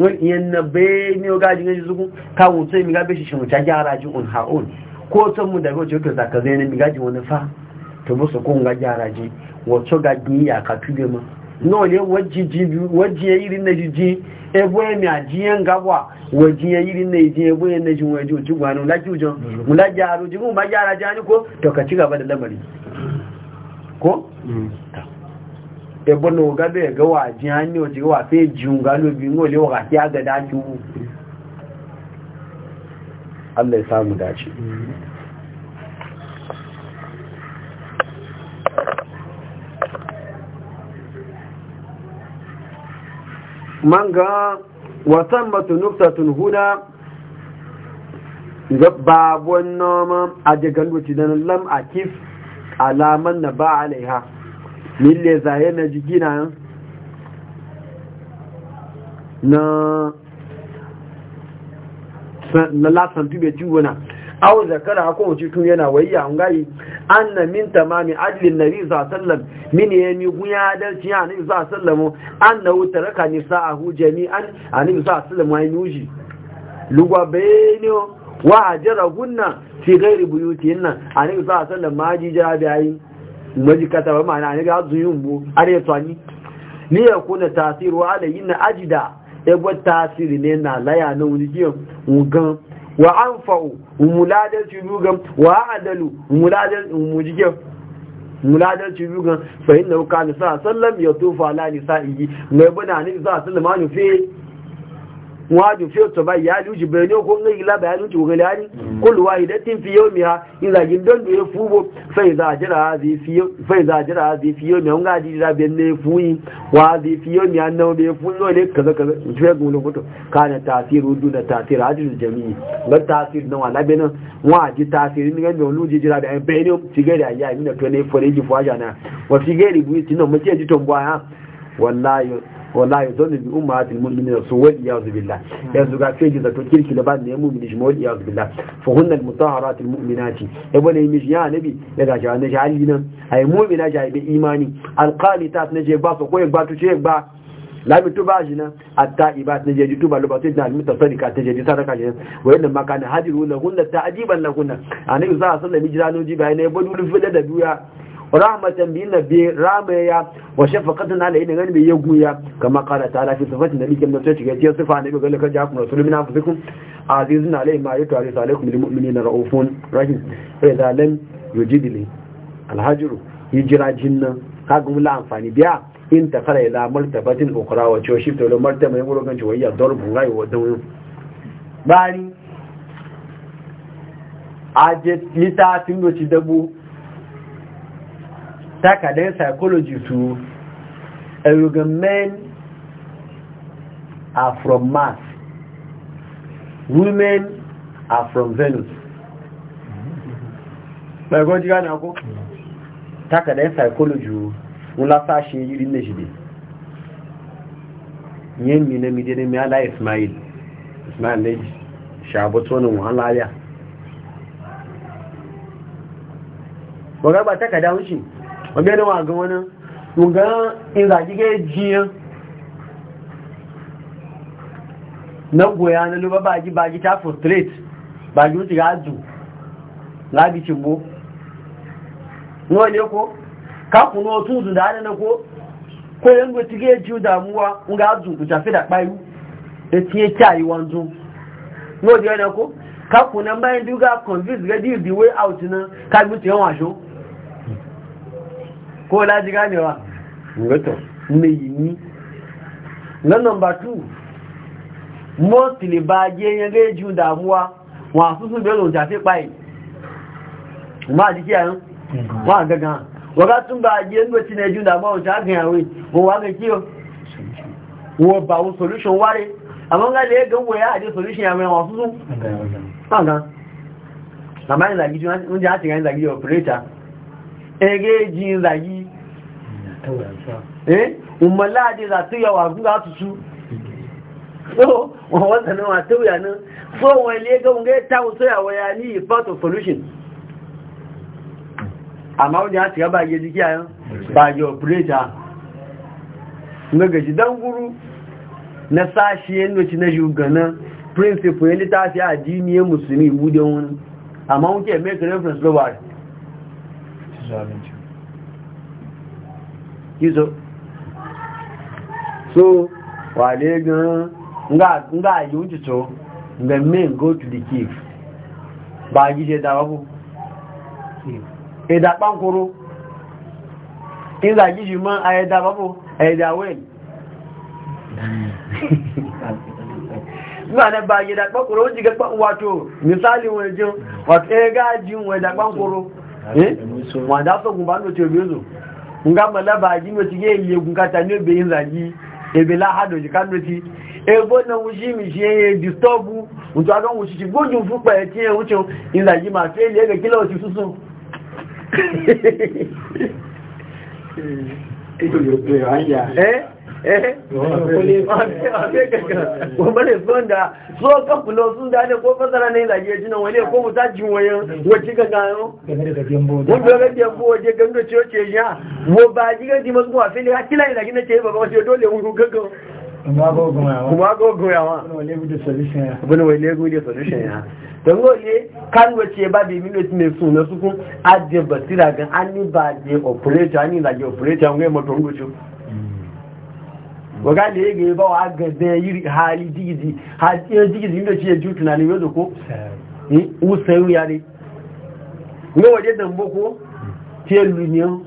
wọ́n ìyẹn na bẹ́ẹ̀ ní ọgá jí gẹ́jì sókún káwọn tó ìmìgá bẹ́ ṣiṣẹ́ wọ̀n chájá ara jí on her own kó tó mú dàgbà tí ó kẹta kẹta ẹni mìgá jí wani fa tó bó ko nga gyara ji jí ga gbin yà ká kí gẹ́mọ́ náà lé wọ́n jí yẹn na jíjí ẹgbẹ́ ẹ̀mí àjíyẹn ga wà wọ́n jí yẹn na jíjí ẹgbẹ́ yẹn na jí wọn ẹjí òtí gbanu lájú jọ múlájà ara jí wọn bá jí ara jí á ní kó tọkàtí gaba da lamari ko? Mm. ta ebe na oga bai ga waji hanyar oji wa fe jiun galobi ngole wa kasi aga daji wu Allah ya samu dace man ga wasan matu nuktatun huna babon noma náà lam akif alaman na ba alaiha lille zaye na jigina na lasan tube tiwona aw zakara hako wuce tun yana wayya an gayi anna min tamami adlin nabi sallam min mi gunya dalci ya nabi sallam anna utaraka nisaahu jami'an anabi a wa yuji lugwa bayno wa ajrahunna fi ghairi buyutihinna anabi sallam ma ji jabi ayi Maji kasa ba ma'ana ne ga zuyun bu are ya tsani ni ya kuna tasiru alayhi na ajida ebo tasiri ne na laya na wuri jiyan wugan wa anfa'u muladan tubugan wa adalu muladan mujiyan muladar ci yugan fa inna kana sa sallam ya tufa ala nisa'i mai bana ni za sallama ni fe waju fiyo ta ba ya luji be ko ngi la ba luji ko gani kul fi yawmiha idza gindon do fubo fa idza jira hadi fi fa idza jira hadi fi yawmi on ga di da be ne fuyi wa hadi fi yawmi an no be ya no le kaza kaza fiye da jami'i ba na wala wa ji ni luji jira da da na to ne wa fi ga ribu ji wallahi wallahi zan bi ummatil mu'minin su wal iyaz billah yanzu ga sai da to kirki da ba ne mu'mini shi wal iyaz billah fa hunna al mutahharatil mu'minati ya e bane mi ya nabi daga shi annabi hali nan ai mu'mina ja bi imani al qanitat ne je ba ko ba je ba lami tuba shi nan atta ibat ne jeji tuba lubatu da ka tasarika ta jeji sadaka shi nan wa inna ma na hadiru lahunna ta'jiban lahunna annabi sallallahu alaihi wasallam jira no ba ne ya dulu lufi da duya rahmatan bi nabi ramaya wa shafaqatan ala idan gani ya guya kama qala ta'ala fi sifati nabi kim da tace gaskiya sifa nabi galla ka ja kuma sulmin anfusikum azizun alai ma yatu alayhi alaikum lil mu'minina raufun rahim fa idza lam yujidli alhajru hijra jinna kaga mu la amfani biya in ta kare da martabatin ukra wa cewa shi to martaba mai gurin cewa ya darbu rai wa dawo bari ajet litafin da ci dabu takardar psychology to erugan men are from mars women are from venus ɓargon jira na ku takardar psychology wula sashe yiri na shide yin mi na midiyar mi ala ismail ismail ne shabatonin wahala ya wadda ba takardar shi magana wa ga wani ga in zaki ga jiyan na goya na luba baji baji ta frustrate baji wuce ga azu labi cimbo nwa ne ko kakun otu su da adana ko ko yan gotu ga ji damuwa nga azu ku tafi da kpayu da tiye kyayi wanzu nwa ne ko kakun nan bayan duga convince ga deal the way out na kalmi tiyan washo ko laji ganewa ngato mai ni na number 2 mostly ba je yan damuwa wa sun belo ta pai ma ji kiyan wa gaga wa tun ba je ngo ti ne ju damuwa ta ga yawe ko wa kiyo wo ba wo solution ware amma ga le ga wo ya aje solution ya mai wa sun ga ga amma ina gi ju mun ja ti operator ege ji eh umalla da za ta yawa su za su so wanda na wata wuya nan so wale ga wunga ta wuce ya waya ni part of solution amma wani ya shiga ba ge jiki ayan ba ge operator na gaji dan guru na sashi yin doci na shuganan principle yin littafi addini ya musulmi budin wani amma wuke make reference global kiso so wale gan nga yi to nga men go to the cave ba gije da babu ẹ̀dà pánkoro ìgbà jíjì mọ́ da babu ẹ̀dà wẹ́l nígbà náà bá ẹ̀dà pánkoro ó jígẹ́ wàtò misali wọn wato wàtò e ẹ̀gá jí wọn da pánkoro hmm. eh? wọ́n dá sọ́gun bá ní òtí òbí nga malaba ji no tige ile gun kata ni obe yin zaji ebe la hado ji kan noti ebo na wushi mi je ye disturb unto adon wushi ti goju fu pa e ti e wucho yin ma fe ile ege kilo ti susun eh eh wabane son da so ka kulo sun da ne ko fasara ne zage jina wale ko mu tajin wayan wace ga gano wanda ga gembo waje gando ce ce ya wo ba ji ga di masu wafe ne hakila ne zage na ce ba wace dole mun ku gaggo kuma go gumawa wani wale gudu solution ya don gole kan wace ba bi minute mai su na sukun ajiye basira gan an ni ba je operator an ni zage operator an gaya mata rubutu waga da ya gaya bawa ga da yi hali jigizi hajiyar jigizi inda ce ju tunanin yanzu ko usayu ya ne ne waje dan boko sai luniyan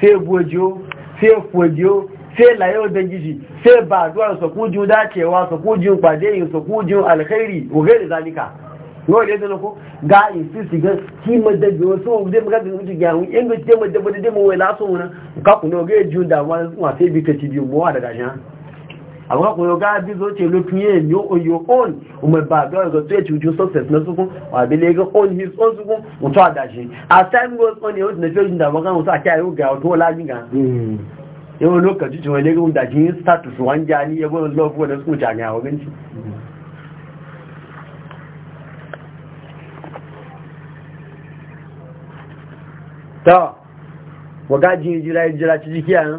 sai bojo sai fojo sai layo da gishi sai ba duwar sakujin dacewa sakujin kwadeyin sakujin alkhairi wagai zalika yau da yadda ko ga in ga ki madabbi wasu zai maka da mutu gyaru in ga ce madabbi da dai mawai lasu wani ka ga yi jun damuwa sai bi ta ci mawa da gashi àwọn ọkùnrin ọgá bí ó ṣe ló fíyẹ ní oyo own ọmọ ẹ̀bà tó ètò ìjọ success náà sókún àbílẹ̀ ẹgbẹ́ own his own sókún wọ́n àdáṣe as time goes on ni ó ti nẹ́fẹ́ ìjìnlẹ̀ àwọn káwọn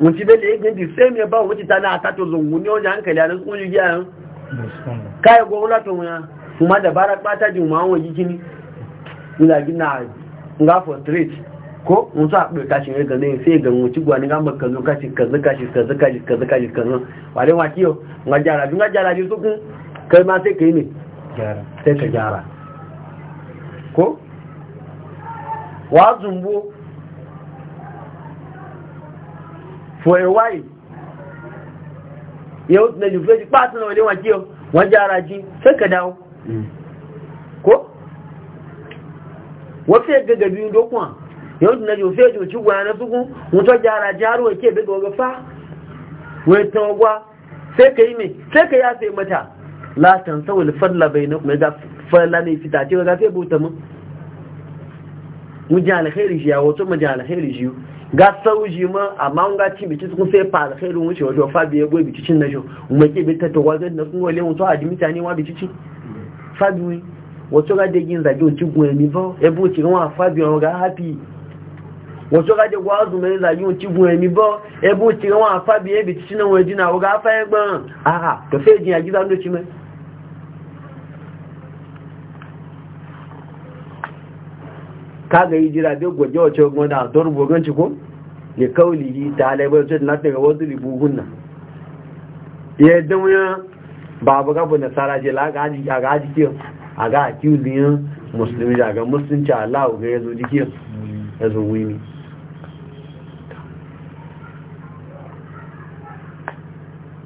wuci bele yake di same ya e ba ta tana aka to zungu ne wani hankali a nasu kunji giya kai go wula to kuma da barak bata ji ma wani kini ina gina nga for street ko mun sa be kashi e ga ne sai e ga wuci gwani ga maka zo kashi kaza kashi kaza kashi kaza kashi kaza wale wa kiyo nga jara nga jara ji su kun kai ma sai kai ne jara sai ka jara ko wa zumbu for a while yau na juveji pàtàkì na wọlé wọn kí o wọ́n jẹ́ sai ka dawo ko wọ́n fẹ́ gẹ́gẹ́ bí a? yau na juveji ò tí wọ́n na fúkún wọ́n tó jẹ́ ara jí harò kí ebe gọ́gọ́ fa wọ́n tán sai ka yi mai sai ka ya sai mata latin sauwal fadla bai na kuma ga fadla ne fita ce ga gafe bauta mun mu ji alkhairi shi ya wato mu ji alkhairi shi ga sauji ma amma an ga ci biki sun sai fa alkhairu wuce wajo fa biye boy biki cin najo mu ke bita to wazan na sun wale wato a dimita ne wa biki ci fa biwi wato ga degin da jo ci gun mi bo e bo ci wa fa biwi ga happy wato ga de gwa zu me da jo ci gun mi bo e bo ci wa fa biye biki cin na waji na wa ga fa e gbon aha to sai jin ya gidan do ci mai kaga yi jira duk gwaje wace gwada a tsohon bogon ciko ya yi ta halabar ce na daga wasu ribu hunna ya yadda wuya babu gabu na sara ce la ga haji kiyon a ga akiuziyin musulmi da ga musulunci allahu ga ya zo jikiyon ya zo wuni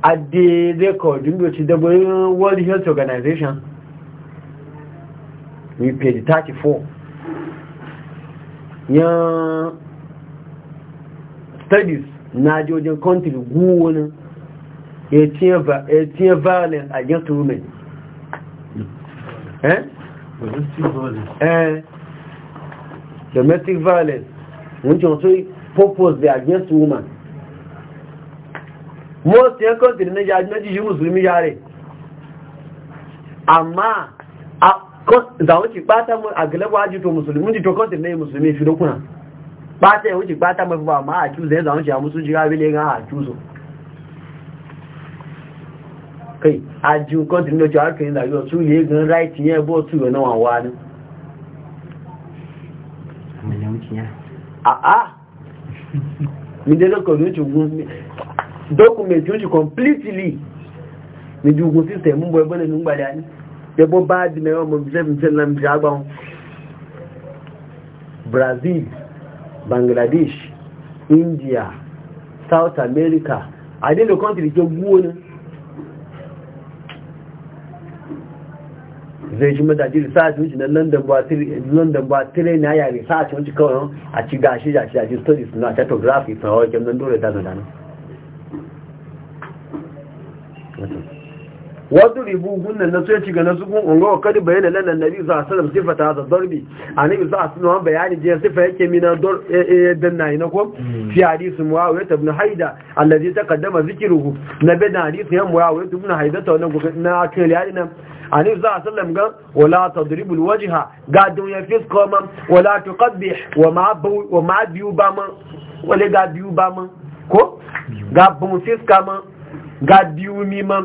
a da record dingoci da dabarun world health organization we paid 34 yan studies na jojin country guwonin etiyan violence against women eh domestic violence which eh. also purpose the against woman most yan country na jajinaji yi musulmi yare amma a za wuce bata mu a galaba haji to musulmi ji to ne musulmi fi dokuna bata ya wuce bata mafi ba ma a kyuzo ya za wuce a musu jira bile ga a kyuzo kai a jin kawai ne cewa harkar yin zagiwa su ne gan right ya bo su yi wawa ne a'a mi dai lokacin wuce gun document wuce completely mi jugun system mun bai bane nungba da ni yabo ba di na yawon mabijin nan jagon brazil bangladesh india south america a dina country ke guwonin zai shi mataji research wuce na london ba tire na ya research wuce kawai a ci gashi gashi gashi studies na cartography sanarwa kemnan dole dano dano Thank wadda ribu gunan na sai shiga na sukun ungawa kadi bayyana lana nabi za a sanar sifata hasa zarbi a nan za a suna bayani jiya sifa yake mina don e, e, e, mm. na yi na kom fi hadisu muawiya ta bin haida allazi ta kaddama zikiruhu na bai da hadisun yan muawiya ta bin haida ta wannan gugu na cikin liyari nan a nan za a sallam gan wala ta duribul wajiha ga dunya ya fiska man wala ta kabbe wa ma biyu ba man wale ga biyu ba man ko ga bun fiska man ga biyu mi man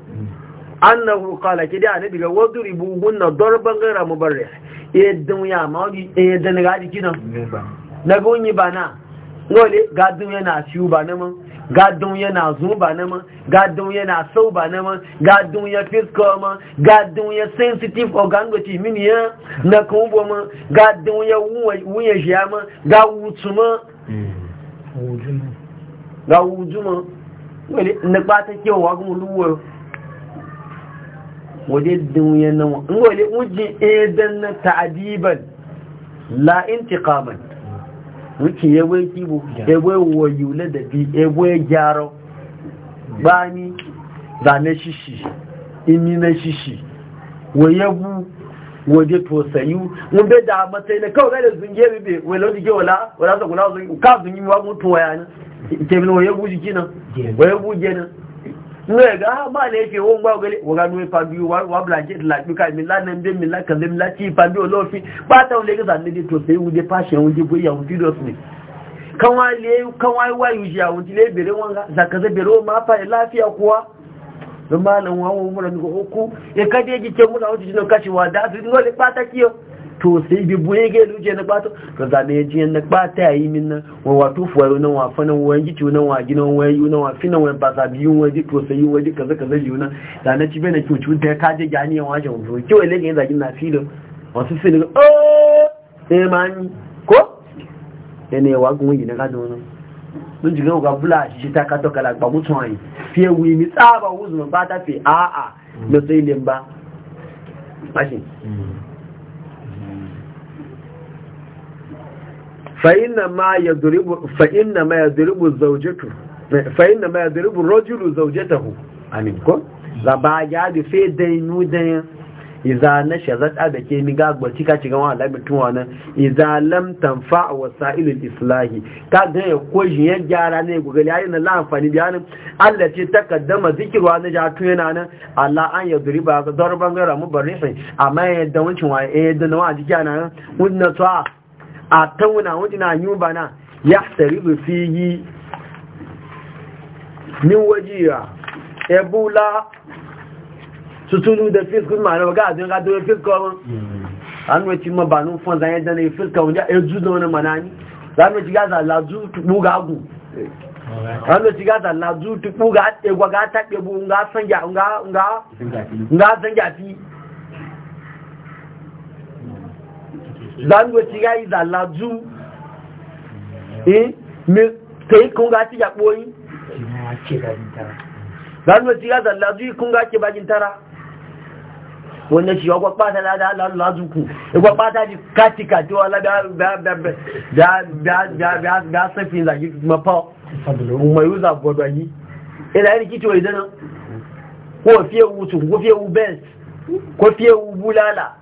annahu qala kidi annabi ga wadribu hunna darban ghayra mubarrih yedun ya e yedun ga na gonyi bana ngole gadun yana siu bana yana zu bana yana sau bana ya fisko ya sensitive organ ya na kumbo ya jiya ga wutu ga hmm. ngole na pata wa luwo wadda dunyan nan wadda wujin edan na ta'adiban kibo yawon wayula da bi yawon gyaro bani da shishi imi na shishi wayabu wadda tosayu mun bai da matsayi na kawai da zunge bebe wala wadda ke wala wala ta kula zunge ka zunge wa mutuwa yana ke bin wayabu jiki nan wayabu nwe ga ba na efe wo ngwa ogele wo ga nwe pambi wa blanket la duka mi la ne mbe mi la kan mi la ti pambi olofi ba ta o le ga ne de to se u de passion u de boya u serious ni kan wa le kan wa wa yu ja u de le bere won ga zaka ze bere o ma fa e lafiya kuwa don ma nan wa wo mu na ko ku e ka de ji na mu da wuce jino kashi wa da su ngole pata to sai bi buye ga luje na bato to za me ji na bata yi min nan wa wato fuwayo nan wa fanan wa yanki ci nan wa ginan wa yi nan wa finan wa ba za bi yun waje to sai yun waje kaza kaza yun nan da na ci bene ki ci da ka kaje gani yan waje mu ki wale ga zagin na filo wasu filo oh eh man ko ene wa gun yi na ka don nan mun ji ga bula shi ta ka to kala ba mutun ai fiye wi mi tsaba wuzun ba ta fi Aa. a mm. na sai ba. mashin fa'inna ma ya duribu zaujetu zauje ta hu, rojulu zaujetahu amin ko za ba ya da fe dainu dayan iza na shazata da ke ni gagbaci ka cikin wani alamitin wani iza lam tamfa a wasa'ilin islahi ta ga ya koji ya gyara ne gugali ayi na la'amfani biya nan allah ce ta kaddama zikirwa na jatu yana nan allah an ya duri ba zarban gara mu barisin amma ya yadda wancin wa ya yadda na wa jikiya na nan wunna na a tauna wajina yuba na ya taribu fiye min wajiya ebola tutunu da fiskun ma'ana ga ajin gado fiskun an wace ma ba nun fon zan yadda na yi fiskun wajen ya ju da wani manani an wace gaza lazu tuɓu ga agu an wace gaza laju tuɓu ga egwa ga taɓe bu nga san gyafi zanwe ti ga iza laju eh me kai kun ga ti yabo zanwe ti ga za laju kun ke tara wannan shi yagwa pata la da laju ku yagwa pata di katika to ala da da da da da da da safi da gi yi ko fiye wutu ko fiye ubes ko fiye bulala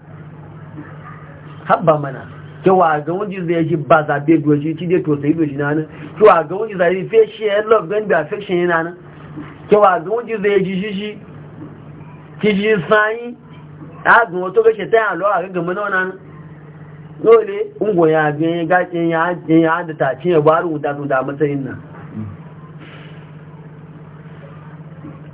haba mana cewa ga wani zai ji ba zabe doji ci dai to sai doji na nan cewa ga wani zai fi shi ya love gan da affection yana nan cewa ga wani zai ji shi ki ji sai a ga wato ga shetan alo a ga gama nan dole ungo ya ga ga ya ya da ta ce ba ru da da matsayin nan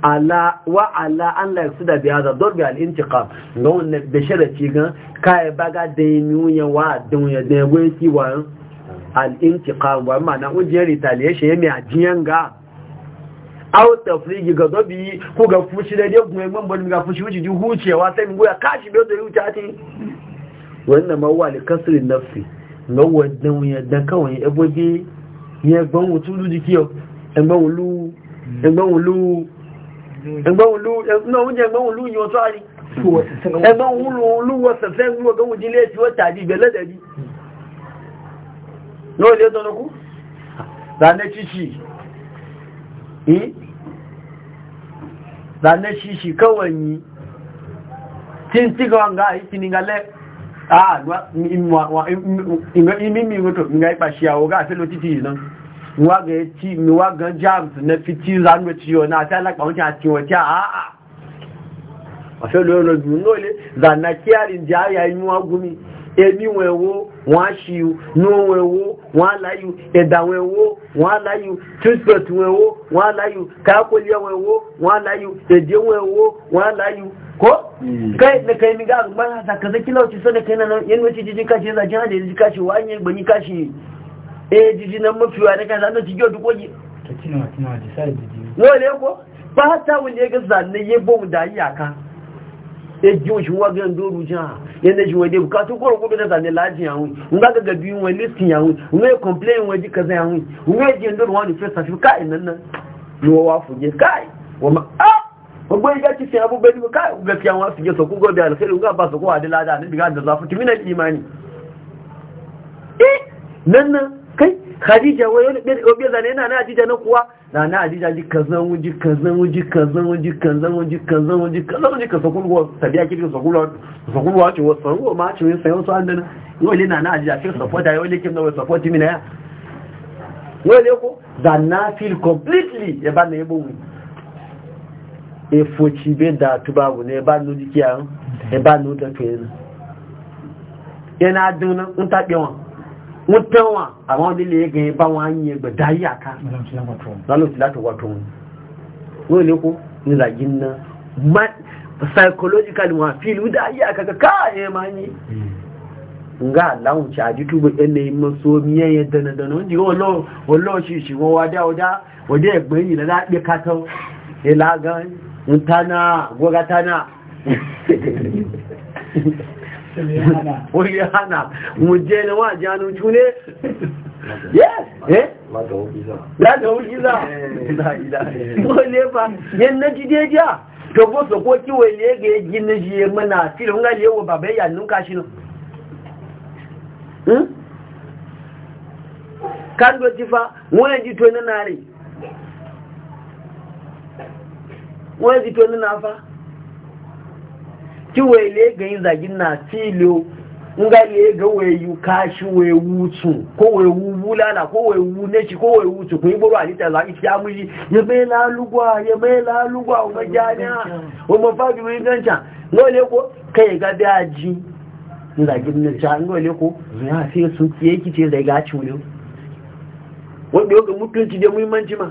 ala wa ala an la yasuda bi hada darbi al intiqam ga wannan da sharafi ga kai baga da yunya wa dun ya da wai wa al intiqam wa ma'ana ujiyar retaliation yami ajiyan ga aw tafrigi ga dobi ko ga fushi da dai kuma mun bani ga fushi wuce hucewa sai mun goya kashi bai da yuta ati wannan mawwa li kasri nafsi ga wannan e ya dan kawai ebobi ya gbanwu tulu dikiyo en gbanwu lu en gbanwu wulu. ẹgbọ́n olú yíò tó àrí ẹgbọ́n olúwọ́ sẹ̀fẹ́ ní ọgbọ́n òjìlé tí ó tàbí ìgbẹ̀lẹ́dẹ̀ bí ló lè tọ́nukú zane shishi kawai tin tiga nga iti ni ngale ah wa imi mi ngoto ngai pa shiawo ga se lo titi nan waga ya ci mi jams na fiti zanu ciyo na ta laka wancan a ciwo ta a a a fẹ́ lórí ọdún lóòlé zànà kí àrìn hmm. jẹ́ àyà inú agúnmi ẹni wọn ẹwọ́ wọn á ṣíu ní wọn ẹwọ́ wọn á láyù ẹ̀dà wọn ẹwọ́ wọn á láyù tírísìpẹ̀tì wọn ẹwọ́ èdè wọn ẹwọ́ ko kai da kai miga ba za ka zaki lauci so da kai nan yan jijin kashi zajen hada jijin kashi wa yi kashi eh jiji nan mafiwa ne kan zanen cikin duk waje wale ko ba ta wule ga zanen ya bo mu da iyaka e ji shi wa gan doru ja yana shi wade bukatu ko ko da zanen laji ya hun nga ga gabi wa list ya hun nga complain wa ji kaza ya hun nga ji ndoru wa ni fesa fi kai nan nan Ni wa fuje kai wa ma ah gbogbo ya ci sai abu bai kai ga kiyan wa fuje so ku bi alkhairu ba ko adila da ni diga da zafu timina imani eh nan nan kai khadija wai wani ɓir obi zane yana na ajija na kuwa na na ajija ji kazan wuji kazan wuji kazan wuji kazan wuji kazan wuji kazan wuji ka sakulwa tabiya ki ka sakulwa sakulwa ce wasu sanuwa ma ce wani sayan su an dana wani na na ajija fi support ayi wani kim na wani support mina ya wani ko da na feel completely ya ba na yabo e foci be da tubabu ne ba nu jikiya ya ba nu da fiye na yana duna in taɓe mutan wa amma wani ne ya ganye ba wa hanyar ba da iyaka zanu tilata wato mu ne ko ni zagin na psychological ma feel da yi a ka ka ya eh, ma ni hmm. nga lawun ci aji tubo eh, ne imo so miye ye dana dana ndi wolo wolo shi shi wo wada wada wada egbe yi na de kato e la gan ntana gogata wani hana muje na wa janu cune yes eh da da wujiza wani ba yan na jidejiya to bo so ko kiwe ne ga yi na jiye mana filin ga lewa babai ya nuka shi nan hmm? kan do tifa wani jito na nare wani jito na fa. ki wele ga yin zagin na filo nga ye ga weyu kashi wewu tu ko wewu bulala ko wewu nechi ko wewu tu ko iboro alita la ifi amuji ye me la lugwa ye me la lugwa o majanya o mo fa bi mi gancha ngo le ko kai ga bi aji nga gin ne cha ngo le ko ya fi su ki yake ce da ga chu ne wanda yo ga mutunci da muhimmanci ma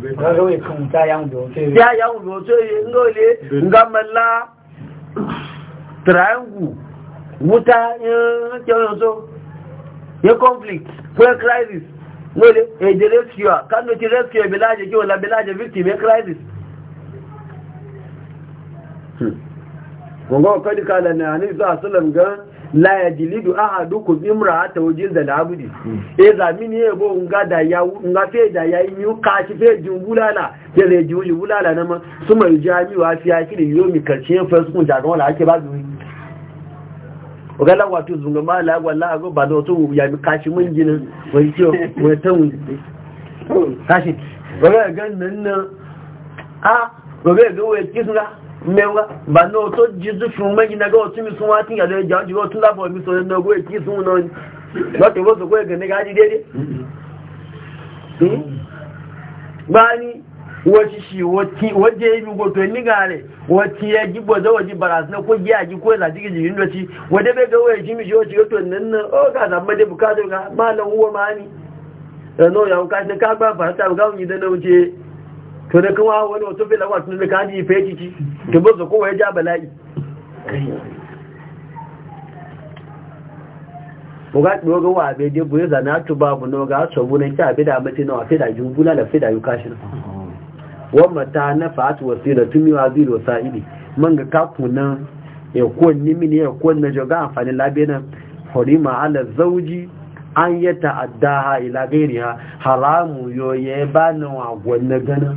Gọ́gọ́wé kan tá yáhùn bí ó tó yẹ. Yá triangle wuta yán kẹrin tó yẹ conflict fún crisis lóòlé èdè rescue kánú ti rescue ìbílájẹ̀ kí o la bílájẹ̀ victim yẹ crisis. Gọ́gọ́ kọ́díkà lẹ́nà àní ìzọ́ àsọ́lẹ̀m gan la ya jilidu ahadukum imra'ata wajilda al-abdi hmm. e zamini e bo nga da ya nga fe da ya yi ka ci fe jumbulala ke le juji bulala na ma suma jami wa fi akiri yomi karshe fa su kun da wala ake ba zuwi ogala wato zunga mala wala go ba do to ya mi kashi mun ginin wai ce wai tan kashi ba ga nan a ba ga wai kisna mewa ba na oto jizu shume yi naga otu misun wati yadda ya jawo jiwo tun lafo mi na goye ki sun na lati wo so goye gane gaji dede gbani wọ́n ṣe wọ́n jẹ́ ibi ni. nígbà rẹ̀ wọ́n ti ẹjí gbọ́dọ̀ wọ́n ti bàrà sínú kó jẹ́ àjí kó ìlà jíkìjì nínú ọtí wọ́n débẹ̀ gẹ́wọ́ ẹ̀jí mi ṣe ó ti ó tó nínú ó ga ma bukátó ká máa lọ wọ́n máa ní ẹ̀nà ìyàwó ba ṣe ká gbà bàrátà káwọn yìí dáná oúnjẹ dubin su kowa ya ja bala'i ga ɗiyo ga wa bai buye zana tu babu no ga na kya fi da mace na wafi da jubula da fida yukashin wamma ta na fatu wasira tumi wa wasa wasaili man ga kaku nan ya kon ni mini ya kon na joga amfani labe na hori ala zauji an yata addaha ila ha haramu yoye ba na wagon na gana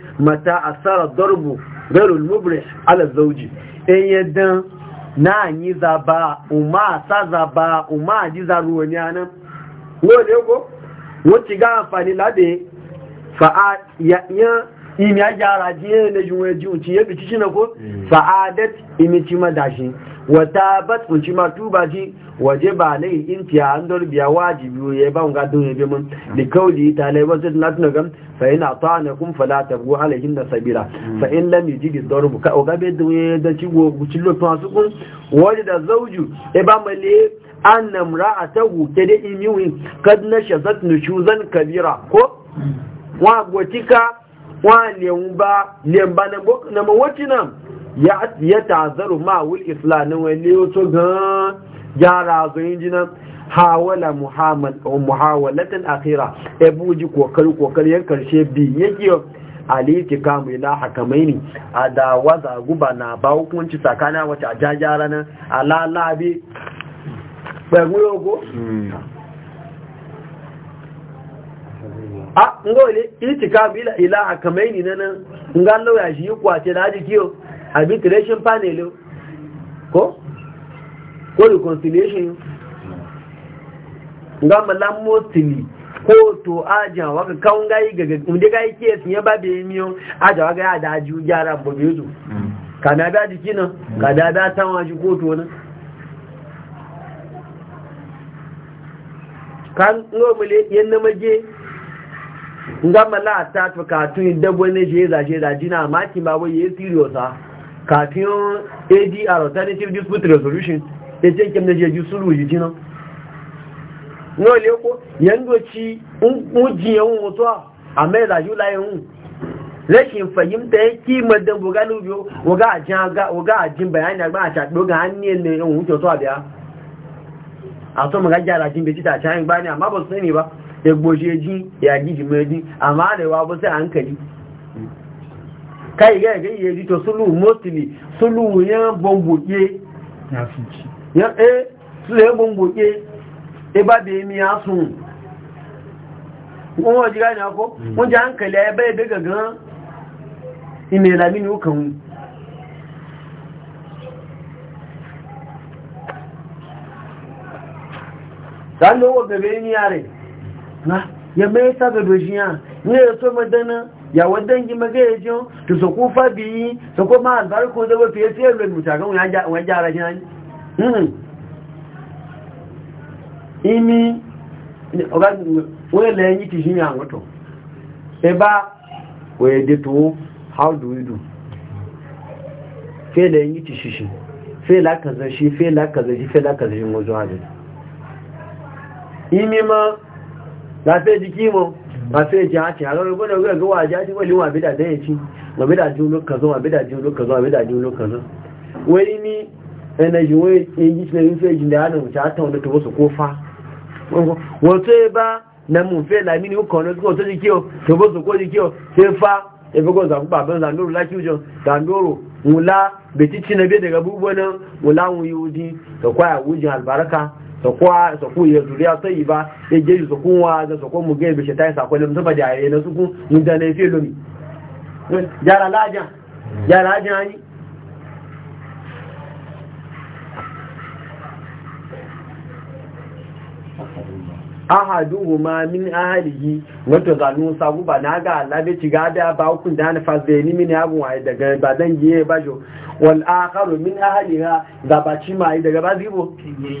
mata asara darbu garul mubrih ala zauji in yadda na yi zaba umma sa zaba umma ji zaruwa ne anan wole ko ga amfani lade fa'a ya imi aji araji ya na jiwe ji unci ya bici shine ko sa'adat imi ci ma dashi wa tabat unci ma tuba ji waje ba lai intiya an dor biya wajibi ya ba un gadon ya bi mun li mm. kauli ta lai wasu na tuna gam fa ina ta'ana kum fala tabu alaihim na sabira mm. fa in lam yujid darbu ka o gabe da da ci go ci lotun su kun waje da zauju e ba le an namra'atahu kada imi win kad nashazat nushuzan kabira ko mm. wa gotika wa lemba ba na bo na ma wati nan ya ya ta'azzaru ma wul islam wa le to ga jara zo injina hawala muhammad o muhawalatan akhira e buji kokari kokari yan karshe bi yake alitikamu ila hakamaini adawa za guba na ba hukunci tsakanin wata ajajara nan alalabi pẹ̀lú ogo a ngole itikaf ila ilaha kamaini nan ngallo ya shi kwace da jikiyo arbitration panel ko ko reconciliation nga malam mostly ko to aja waka kan gai gaga inda gai ke sun ya ba be miyo aja waka ya da hmm. ju bobe bobe ka na da jiki nan ka da tan waji ko to nan kan ngomule yan namaje gama la ta fi katun dabo ne shi za shi zaji na maki ba wai yayi seriosa katun ADR alternative dispute resolution ya ce ne da jeji sulu yi jina no le ko yando ci muji yan wato a mai da ju lai hun rashin fahimta ya kima da buga lubiyo waga a jin ga waga a jin bayani ba a ta doga hannun ne yan wuce to a biya a to mu ga jara jin bai ci ta can ba ne amma ba sani ba da gbojeji ya gidi mai amma arewa ba sai hankali kai ga ga yi ji to sulu mostly sulu ya bomboke ya fici ya eh sulu ya bomboke e ba be mi asun wọ́n jí gáyìn akọ́ ji hankali àǹkẹ̀lẹ̀ ẹbẹ́ ẹgbẹ́ ya mai ta ga dojiya ne ya so madana ya wadan gi maga ya jiyo to so ku fa bi so ko ma albar ko da ba fiye sai lo muta ga wani ja wani jara jin hmm imi oga we le yin ti jin ya ngoto e ba we de to how do we do fe le yin ti shishi fe la kaza shi fe la kaza shi fe la kaza jin ngozo hade imi ma a jiki mu lafiya ji a ranar gwada gwada gawa ji wani wabi da daya ci wabi da ji lokka zo wabi da ji lokka zo wabi da ji lokka zo wani ni energy wai yin ji sinari fiye jin da wuce hata wanda ta wasu kofa wato ya ba na mun fiye lami ni kuka wani suka jiki o ta wasu ko jiki o sai fa ya fi gwanza kuma abin zandoro laki wujen zandoro mula bai ci na daga bubuwa mula wuyi wuji da kwaya wujin albarka sakwa sakwa ya zuriya sai ba ya je su kunwa da sakwa mu ga bi ta sakwa lim saboda yayin su kun mun da ne filumi yara lajan yara lajan ahaduhuma min ahlihi wato zanu sabu ba na ga Allah bai ciga da ba ku da na faze ni min abu wai daga ba dan je ba jo wal akharu min ahliha da ba ci mai daga ba zibo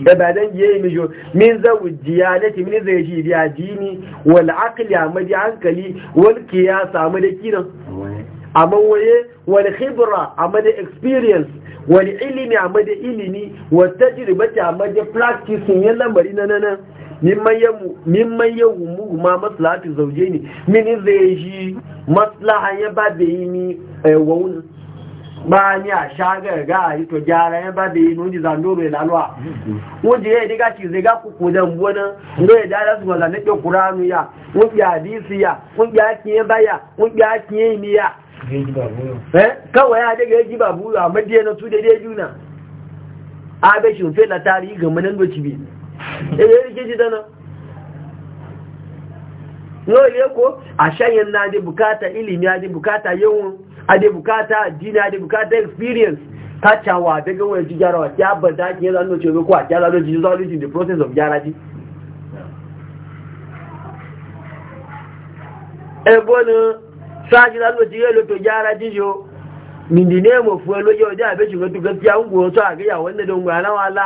da ba dan je mi jo min zawjiyalati min zaji biya dini wal aqli amadi hankali wal qiyas amadi kiran amma waye wal khibra amadi experience wal ilmi amadi ilimi wa tajribati amadi practice yin lamari na na. mimman ya wumu ma maslahati zauje ne mini zai ji maslahan ya ba da yi ni eh, wawun ba ni a shagar ga a yi to gyara ya ba da yi ni wunji zandoro ilalwa wunji ya yi diga ci zai ga kuku da mbonan ndo ya dada su maza nake kuranu ya ya hadisi ya ya hakiye baya wunji hakiye ni ya eh, kawai ya daga ya ji babu a madiyana su da dai juna abeshin fela tarihi ga manan doci biyu ebe ke ji dana no ile ko a na ade bukata ilimi ade bukata yawon ade bukata addini ade bukata experience tachawa daga wani ji gyarawa ki abada ki yanzu annoce ko a kyara da ji zuwa the process of gyara ji ẹgbọ́nà sáájú lálòtí yóò ló tó yára jíjọ nìdí ní ẹmọ̀ fún ẹlójọ́ ọjọ́ àbẹ́ṣùgbọ́n tó tí a ń gbòó sọ alá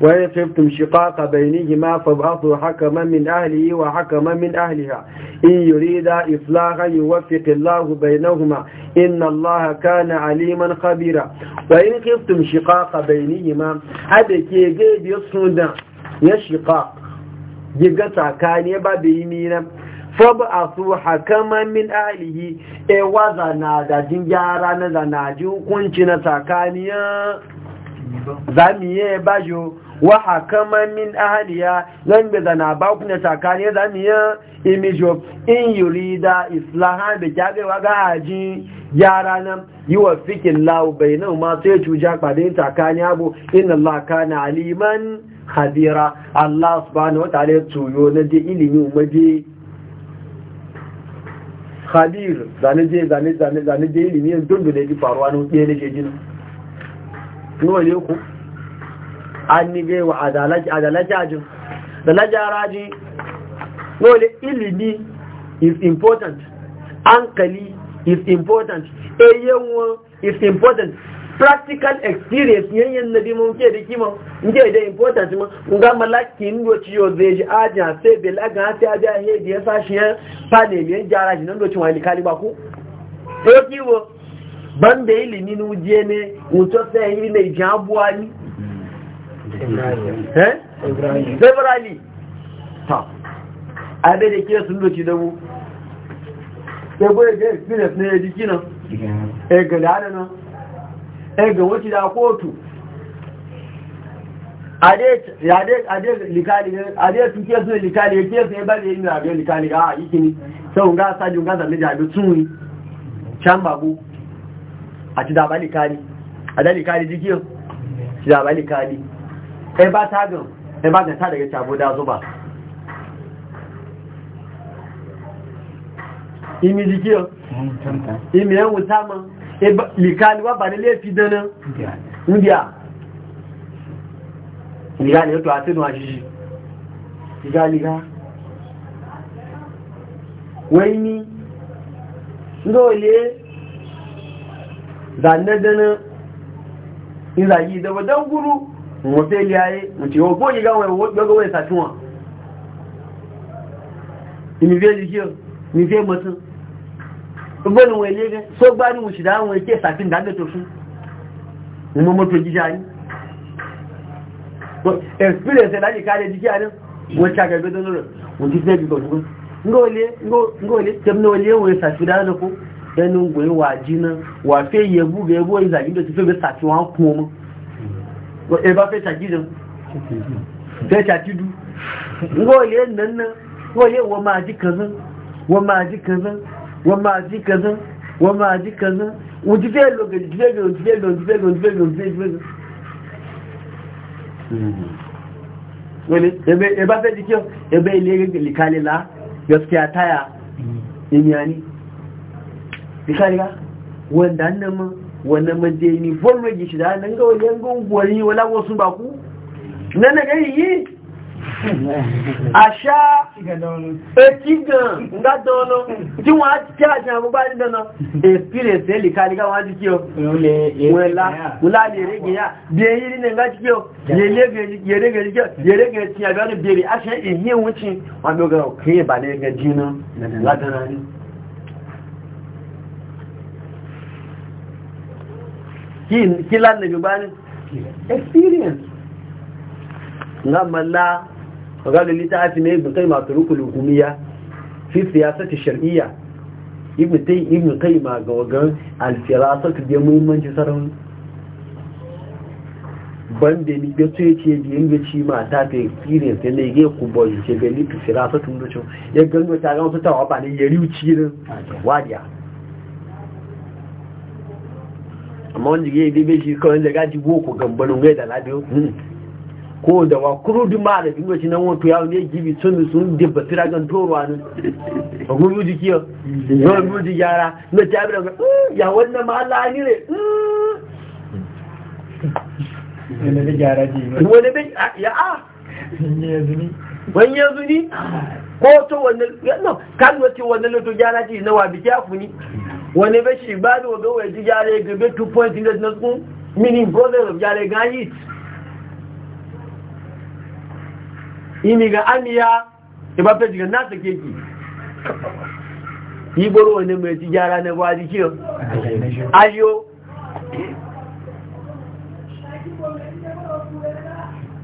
وإن خفتم شقاق بينهما فابعثوا حكما من أهله وحكما من أهلها إن يريد إصلاحا يوفق الله بينهما إن الله كان عليما خبيرا وإن خفتم شقاق بينهما هذا كي جيب يصنع يشقاق جيغتا كان يبا بيمينا fab'athu hakaman min ahlihi e waza na da jin gyara na da na ji na tsakaniya za mu yi ba shi wa hakama min ahaliya zan bi zana ba kuna tsakani za mu yi imijo in yuri da islahan da kyagewa ga haji yara nan yi wa fikin lawo bai nan ma sai cuja kwadin tsakani abu ina Allah na aliman hadira Allah subhanahu wa ta'ala tuyo na je ilimin umaje khadir zane je zane zane zane je ilimin dundu ne bi faruwa na ɗaya ne ke jinin nuwa ne ku an wa gaiwa adalajajin da lajaraji wale ilimi is important ankali is important eyewo is important practical experience yanyan na bi mun nke da ma nke da important ma nga malaki ndo ciyo zai ji aja sai bel na sai aja he da ya shi ya panel yan jara shi nan do cin wani ba ku to kiwo banda ilimi ni uje ne wuto ya yi mai jabuwa ni eh severally ta abe da kira sun doki da mu sai boye ga experience ne ya jiki nan ya e ga lada nan eh ga wuce da kotu ade ade ade likali ade tuke su likali ke sai ba da yin abin likali ga yiki ni sai unga sa junga da ne da bi tun can babu a dàbálìkárí àdálìkárí díkí ti dàbálìkárí ẹbá tágàn ẹbá gàn tàdàgẹ ti àbúdá zọba imi díkí imi ẹwùn támọ́ lìkárí wà bà nílé fi dáná níbíà ìgbàlẹ̀ ètò àtínú àṣíṣì ìgbàlẹ̀gá wẹ́yìn ní ndó ilé zane dana iza yi da wadan guru mu fe yayi mu ce ko ki ga wai wai ga wai satuwa ni fe ji ki ni fe mutun gbọ́nà wọn ilé rẹ̀ só gbá ní òṣìdá àwọn ẹ̀kẹ́ ìsàfihàn dágbẹ́tò fún ọmọ mọ́tò jíjá ní experience ẹ̀lájì káàrẹ̀ jíjá ní wọ́n tí agẹgbẹ́ tó lọ́rọ̀ wọ́n ti fẹ́ bí ganin goyi waji nan wa fe yebu ga yebu yi zagi da tafi bai sati wa kuma taya imiyani bikariya wanda nan ma wanda maje ni forma ji da nan ga wajen gungwari wala wasu ba ku nan na gari yi a sha etigan nga dono tí wa ti ti àjẹ́ àwọn bá dídán náà experience ẹ̀lì kariga wọ́n á ti kí o wọ́nlá lè régé yá bí èyí rí ní nga ti kí o yẹ̀rẹ́gẹ̀ ti àbẹ́ ọdún bèèrè aṣẹ́ ìyí ìwúnci wọn bí ó gẹ̀rọ kí ìbàlẹ̀ gẹ̀ jìnnà ládánà ní kila na gabani experience na malla magana littafi ne ibn hukumiya fi siyasati shar'iyya ibn tai ibn kaima ga wagan al da muhimmanci sarauni ni ga ce da yin gaci ma ta ta experience yana yi ku boyi ce ga ni firasatu mutum ya gano ta gano ta tawa ba ne ya riuci rin ah, wadiya amma wanda ya yi bai shi kawai da gaji boko gambanin gai da labiyo hmm. ko da wa kurudu ma da dingo nan wato ya ne gibi sun sun dibba tira gan torwa a ba ku mu jikiyo ba mu yara na ta bi da hmm, ya wannan ma Allah ni ne hmm. ne da yara ji wani bai ah, ya ah. a ban ya zuni ko to wannan no kan wace wannan lato gyara ji na wa bi kafuni wani bẹ ṣì gbádùn ọgọ́ wẹ̀ jí yára ẹgbẹ̀ na fún mini brother of yára ẹgbẹ̀ ayit ìmìgà àníyà ìbáfẹ́ jìgà náà Yi ìgbòrò wani mẹ́ jí yára nẹ́bọ̀ adìkí ayó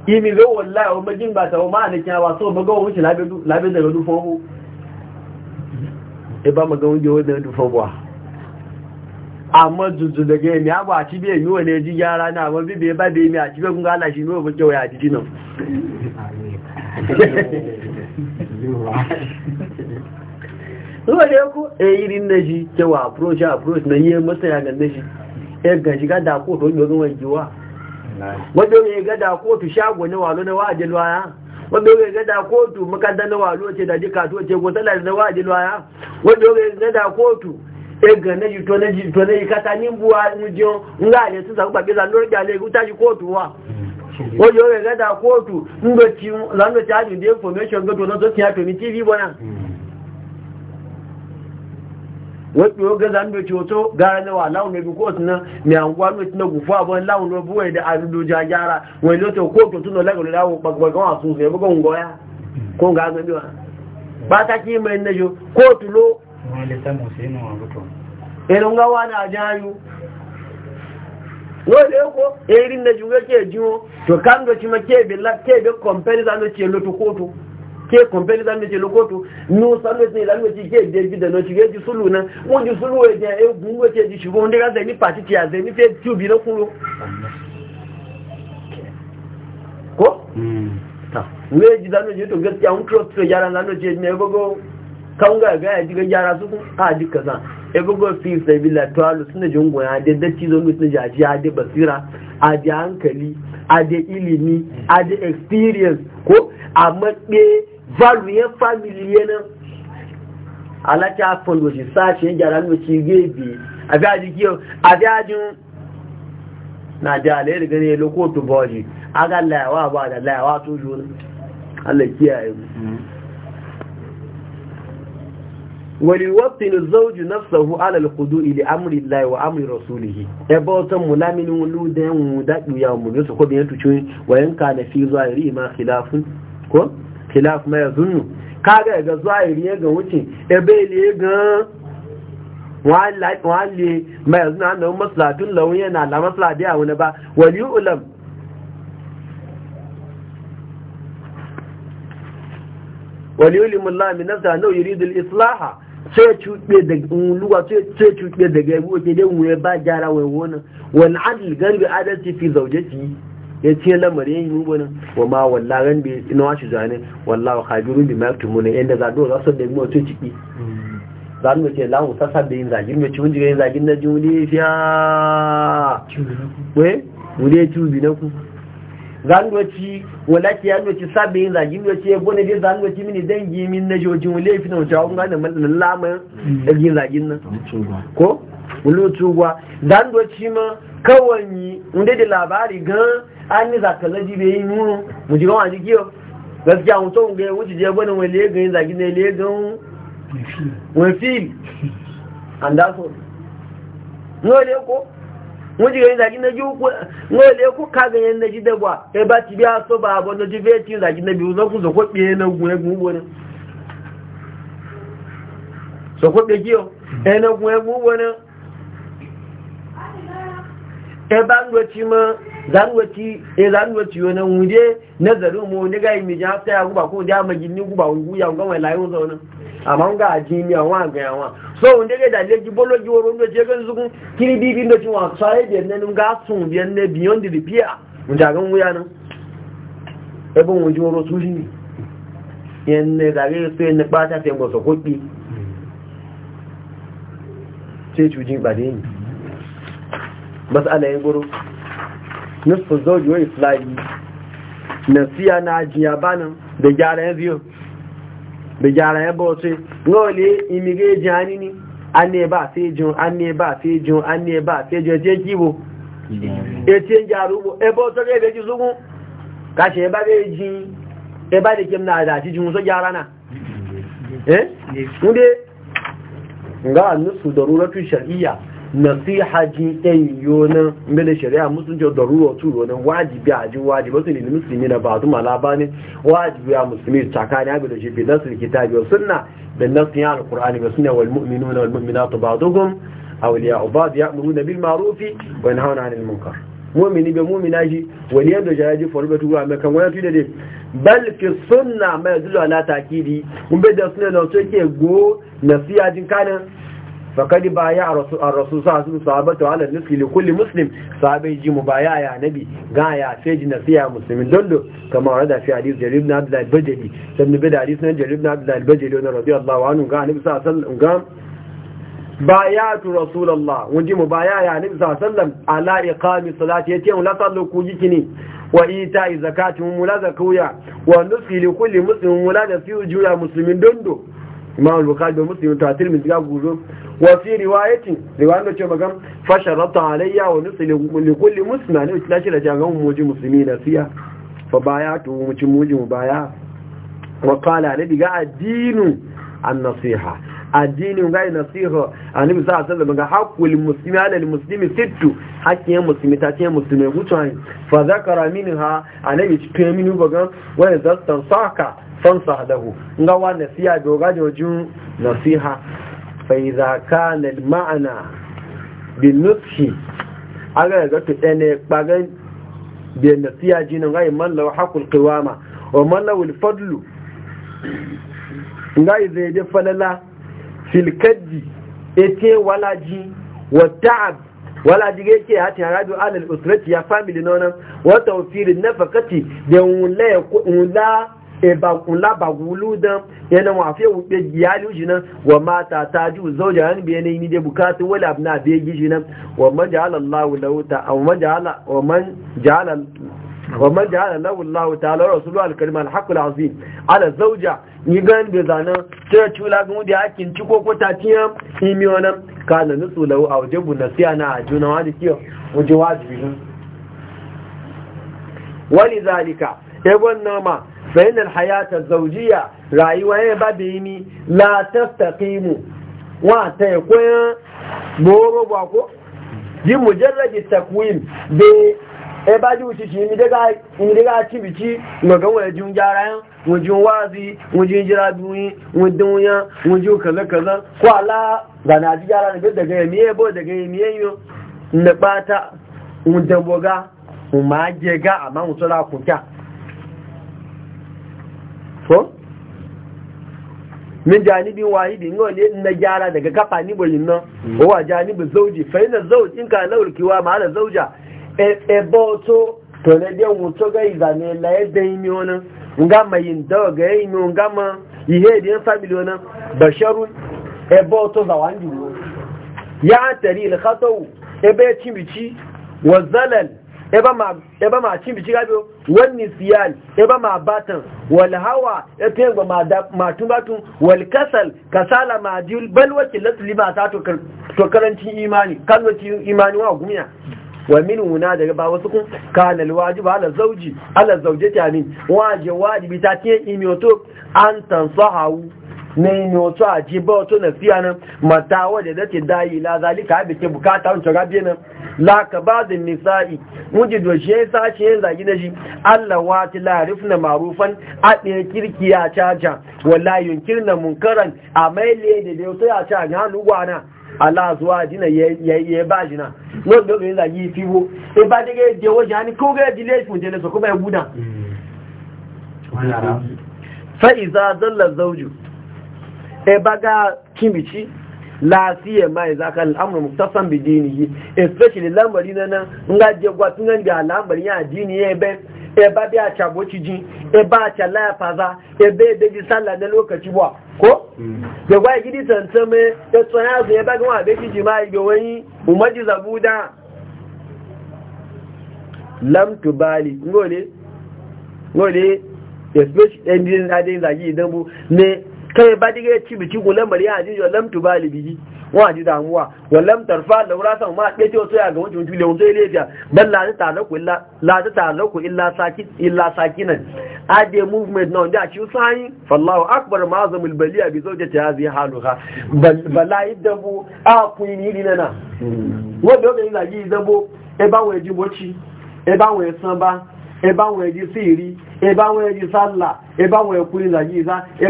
ìmìgà wọ̀ láì ọmọ jíǹbàtà ọmọ àníkẹ́ àwà tó ọmọgọ́ òun ṣe lábẹ́ amma zuzu daga yami abu a ci biya yiwa ne ji gyara na amma bibe ba da yami a ci biya kun gala shi nuna bakin waya a jiki nan Ruwa ku e irin na shi cewa approach approach na yi masa ya ganda na shi e ga shi gada ko to yi Wani wani jiwa wadda yi gada ko to shago na walo na wajen waya wadda yi gada ko to makanta na walo ce da jika to ce ko talar na wajen waya wadda yi gada ko to ega na jito na jito na ikata ni mbuwa mujo nga ne sun sa kubabiza lori da le gutaji kotu wa o yo ga da kotu ndo ti la ndo ta ju de information go to no to ti ato ni tv bona wato ga zan do ci wato ga na wa lawo ne ko tuna mi an gwa no tuna gufa bon lawo no buwe da aludo jajara wai lo to ko to tuno la ga lawo bagwa ga wasu sai bugo ngoya ko ga ga biwa ba ta ki mai na jo ko tulo ẹ̀rùn gáwà ajayu jáyú wọ́n lè na jùgbẹ́ ke jiwo to kan da cima ke bi la ke bi compare da lotu kotu ke compare da no ce lokotu no san da ne la no no ci ke na wọ́n sulu e e gun go ce ji shugo ni party ti aze ni fe ti obi na ko mm ta we ji da no ji to gaskiya un trust to kan ga ya ji ga yara su kun a ji kaza e bugo fi sabila tawalu suna jin goya da dacci zo mutun jaji a da basira a hankali a ilimi a experience ko amma de value ya family yana alaka fondo ji sashi yara no ci gebe a ga ji kiyo a ga ji na da alayar gane lokoto body aga lawa ba da lawa to jona Allah kiyaye mu mm-hmm. zauji na sahu ala alqudu'i ili amri lai wa amri rasulih e bota mulamin mu wudadu ya mulu su ko biyan tuci wa yanka na fi zahiri ma khilafun ko khilaf ma zunnu kaga ga ya ga wuce e bele ga wali ma yazunnu annahu maslahatun law yana la maslahati a wani ba wali ulam وليلم الله من نفسه أنه يريد الإصلاح sai cuɗe da luwa sai cuɗe da gaibu wace dai mu ba gyara wai wani wani adil gandu adalci fi zaujeci ya ce lamarin yi mugu nan wa ma walla ran bi ina shi zane walla wa kabiru bi ma yaktumu ne Inda za dole wasu da mu wato ciki za mu ce lahu sasa da yin zagin mai cikin yin zagin na juli fiya we mu dai tubi na ku zanwaci walaki ya noci yin zagi noci ya bone dai zanwaci mini yi min na jojin wale fi na wuce hawan gane man lamarin mm. dagin zagin nan ko wulutuwa zanwaci ma kawai inda da labari gan an yi zakalaji bai yi nuna mu ji gawa jikiyo gaskiya mutum ga wuce je bane wale gan zagi ne le gan wafil and that's all no ko wọ́n jìgẹ̀ ìdàjí na yóò kó wọ́n lè kaga káàkiri yẹn náà jíde bọ̀ ẹbá ti bí aṣọ bá àbọ̀ náà jíde tí na náà bí ọlọ́kùn sọ̀kọ́ pé ẹnà ogun ẹgbùn wọn sọ̀kọ́ pé kí ọ na. ogun ẹgbùn wọn ma, ń wẹ̀tí mọ́ zanwati eh zanwati na, wunde nazarin mu wani ga yi mijin hafta ya guba ko da magini guba wungu ya gama layu zaunin àmọ́ ń gà jí ní àwọn àgbẹ̀ àwọn so òun dẹ́gẹ̀ ìdàlẹ́jì bó lójú oorun ló jẹ́ gẹ́ zukun kí ní bíbí ló ti wọ́n sọ èdè nẹnu gá sùn bí ẹni beyond the repair ǹjàgẹ́ ń wúyá náà ẹgbẹ́ òun ju oorun tó yìí ẹni ìdàgẹ́ tó ẹni pátá fi ẹgbọ̀sọ̀ kó pé tí ètù jí ìgbàdé yìí bọ́sí alẹ́ ń gbóró ní sọ́jọ́ yóò ìfúláyì nà sí Nasiya na bá náà da gyara yanzu yau. da gyara ya bauce nole imige jani ni an ne ba sai jun an ne ba sai jun an ne ba sai jun ce kibo e ce gyaru e e bo e bauce ga beji zugun ka ce ba ga ji e ba e da da jun so gyara na mm-hmm. eh nde nga nusu daruratu shar'iyya نصيحة جيتين يونا من الشريعة مسلم جو ضرورة طول ونا واجب يعجي واجب وصل للمسلمين بعضهم على باني واجب يا مسلمين تعكاني عبد الله بنص الكتاب والسنة بالنص يعني القرآن والسنة والمؤمنون والمؤمنات بعضهم أو اللي عباد يأمرون بالمعروف وينهون عن المنكر مؤمن بمؤمن أجي وليان دجاج أجي فربة تقول عما كان ولا تقول بل في السنة ما يدل على تأكيدي ومبدأ السنة لو تكي قول نصيحة كان faƙadi ba ya a rasu sa su sahabatu ala nufi kulli muslim sahabai ji mu ba ya ya nabi ga ya sai ji nasiya musulmin dondo kama wa da fi hadis jarib na abdullahi bajali sannan bi da hadis na jarib na abdullahi wani rabi allah wa hannun ga nabi sa sallam ga ba ya tu rasulallah wani ji mu ba ya ya nabi sa sallam ala iqami salati ya ce mu la sallu ku jiki wa ita wa juya musulmin dondo imam al-bukhari da muslim ta tirmidhi ga guzo wa fi riwayati riwayan da ce magan fa sharata alayya wa nusli li kulli muslimin ne tilashi da jangan muji muslimi da siya fa bayatu muji muji mu baya wa qala nabi ga addinu an-nasiha addini ga nasiha annabi sa sallam ga haqqul muslimi ala al-muslimi sittu hakkin muslimi ta ce muslimi gutan fa zakara minha annabi ce minu bagan wa zastan saka fansa lahu nga wa nasiha doga jojun nasiha fa idza kana al ma'ana bin nushi aga ga to ene pagan bi nasiha jinin ga man law haqul qiwama wa man law al fadl nga zai de falala fil kaddi ete walaji wa ta'ab wala dige ke hati haradu alal usrati ya family nonan wa na fakati da wula ebakun labakun wuludan yana wafe wuɓe giyali jinan wa mata ta ji zauja yani biya na yi dai bukatu wala abu na biya gishi nan wa majala ja'ala lauta wa man ja'ala wa man ja'ala wa man ja'ala lahu Allahu rasulu al-karim azim ala zoja ni gan da zanan sai cula gun da hakin ci ko kota tiya imiyona kana nusu a awjabu nasiya na ajuna wa dikiyo wajibi wani zalika ebon nama فإن الحياة الزوجية رأي رأيوها بابيني لا تستقيم وتكون بورو yi mujarraji takwim da e ti ti mi shi mi daga ci bici ga gan wani jin gyara yan wujin wazi jun jira duni wujin wuya jun kala kala ko ala ga na ji gyara be daga mi e bo daga e yo ne pata bata wujen boga umar jega amma mutu la kuka Fo? min janibin wahidi ngo ne na gyara daga kafa ni boyin nan ko mm. wa janibin zauji fa ina zauji in ka lawul kiwa ma ala zauja e e boto to ne de mu to ga izane la e de mi ona nga ma yin do ga e mi nga ma ihe de family ona basharun e boto za wandi ya tari al khataw e be chimichi wa zalal ba ma cin bici gabe wani siyan ba ma batan wal hawa ya fiye ga matun batun kasal kasala ma ji balwacin latuli ma ta to imani kalwacin imani wa gumiya wa min wuna daga ba wasu kun kanal ba ala zauji ala zaujati wa waje wajibi ta tiye imiyoto an tansahawu na imiyoto a jiba wato na siya nan mata wadda da ta dayi la zalika abike bukata wancan rabi nan la ka ba da nisa'i muji yi sashi yin zagi na shi Allah wa ta larif na marufan a ɗaya kirki ya caca wala yunkir na munkaran a mai da da sai ya ca ga hannu gwana Allah zuwa dina ya yi ba shi na no da yin zagi fiwo in e ba daga yadda shi hannu ko ga yadda laifin da su kuma ya guda fa'iza zallar zauju e baga kimici la siya mai zaka al'amur muktasan bi dinihi especially lambari na nan nga je gwa tun ga lambari ya dini ya be e ba bi a chabo chiji e ba a chala ya faza e be de ji salla na lokaci bwa ko ga mm. gwa e gidi tantame e to ya zo e ba gwa be e ji mai ga wani umaji zabuda lam bali ngole ngole especially endin adin zagi idan bu ne kai ba ya ci biki gulan bari ya jiyo lam bali wa ji damuwa wa lam tarfa da wura san ma ya ga wancan mutum le wancan lefiya dan la ta na ku illa la ta ku illa sakin illa sakinan movement da ci sai fallahu akbar ma'azamul baliya bi zawjati hadhihi haluha bala a ku ni yi dabo e ba wa ji e ba wa san ba e ba wa ji siri eba wọn ẹji sálà eba wọn ẹkùnrin làyí ìsá e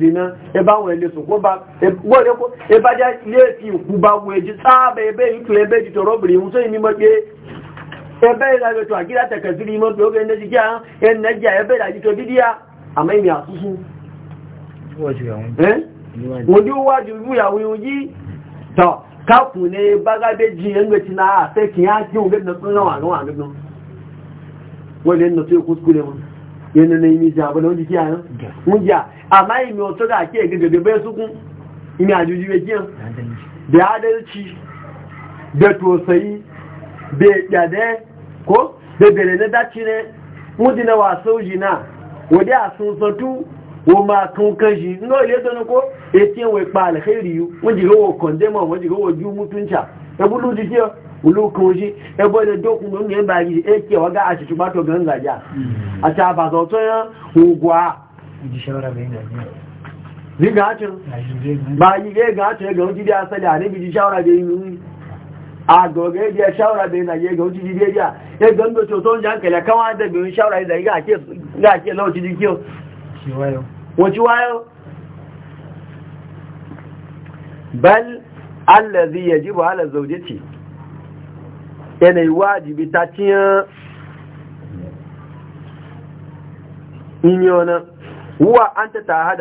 zina eba wọn bá ìkú bá ẹbẹ́ ẹbẹ́ rọ́bìnrin pé ẹbẹ́ ìlàjọ tó tẹ̀kẹ̀ sí pé ẹnẹ́jì kí ẹnẹ́jì ẹbẹ́ ìlàjì tó àmọ́ ìmì wọ́n lè kú skúlẹ̀ wọn yana na imi jabo na wani kiyayen mujiya amma imi wato da ake gagaga bai sukun imi a juji bai kiyan da adalci da tosayi da yade ko da bere na daci ne muji na wasu jina wadda a sun satu wo ma kan kan shi nga ile to ko etiyan we pa alkhairi yu won jigo wo condemn won jigo wo ju mutuncha e bulu di olókan ṣe ẹgbọ́ ilẹ̀ dókun ló ń gẹ́ bá yìí ẹkẹ́ ọgá àṣìṣùgbà tó gan gàjá àti àbàtọ̀ tó yán ogun a ní gàátùn bá yìí gẹ́ gàátùn ẹgbẹ̀rún jídé asẹ́lẹ̀ àníbi ti ṣáwọ́ra bẹ̀ yìí àgọ̀gẹ́ jẹ́ ṣáwọ́ra bẹ̀ yìí ẹgbẹ̀rún jídé jẹ́ yà ẹgbẹ̀rún tó tó ń jà ń kẹ̀lẹ̀ káwọn adẹ́gbẹ̀rún ṣáwọ́ra ilẹ̀ gáàkẹ́ lọ́wọ́ ti di kí wọ́n ti wáyọ́ bal allazi yajibu ala zawjati yanayi wajibi ta ciyan inyonan an ta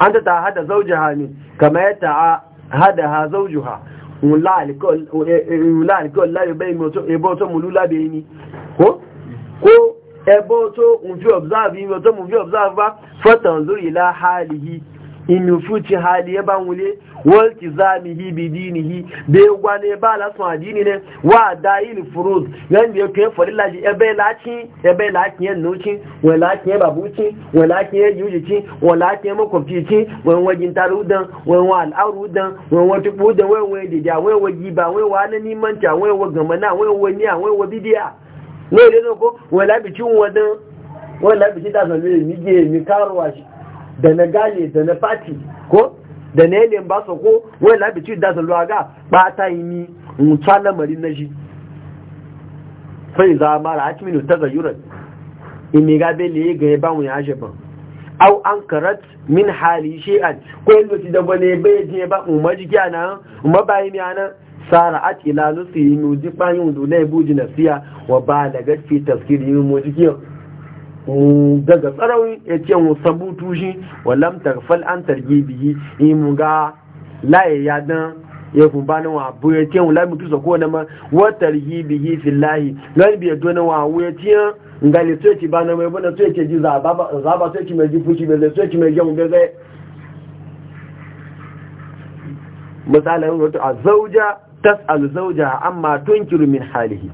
an ta ta hada zaujiha ne kama ya ta hada ha zaujiha wula alikawar labi bai ebo to mulu labi ni ko ko ebo to mu fi yi fi observe ba fatan zuri halihi in chi hali ya ban wule walti zamihi bi dinihi da ya gwane ba la sun adini ne wa dayil furuz yan da ya kai laji ebe laci ebe laci yan nuci wa laci ya babuci wa laci ya yujici wa laci ya makwabcici wa wajin tarudan wa wa al'arudan wa wa tubudan wa wa dida wa wa giba wa wa na nimanta wa wa gamana wa wa niya da na gane da na fati ko da na yanayin ba su ko wani labici da su ga ɓata yi ni mutuwa lamarin na ji. sai za mara ati minu ta zayuran in gabe le ga ya bamu ya ashe ban au an karat min hali shi'an ko yin lokaci da bane bai je ba umma jiki ana umma bayi ni ana sara'at ila yi mu ji bayin dole buji nasiya wa ba da gaske tafsiri mu jiki daga tsarau ya ce mu sabutu shi walam tarfal an targi biyi in mu ga laye ya dan ya kun bani wa abu ya ce mu la mutu sako na ma wa targi biyi fillahi lan biya dona wa abu ya ce ngali so ci bana mai bana so ce ji za ba za ba so ci mai ji fushi bai so ci mai jamu bai zai misalan wato azauja tas'al zawjaha amma tunkiru min halihi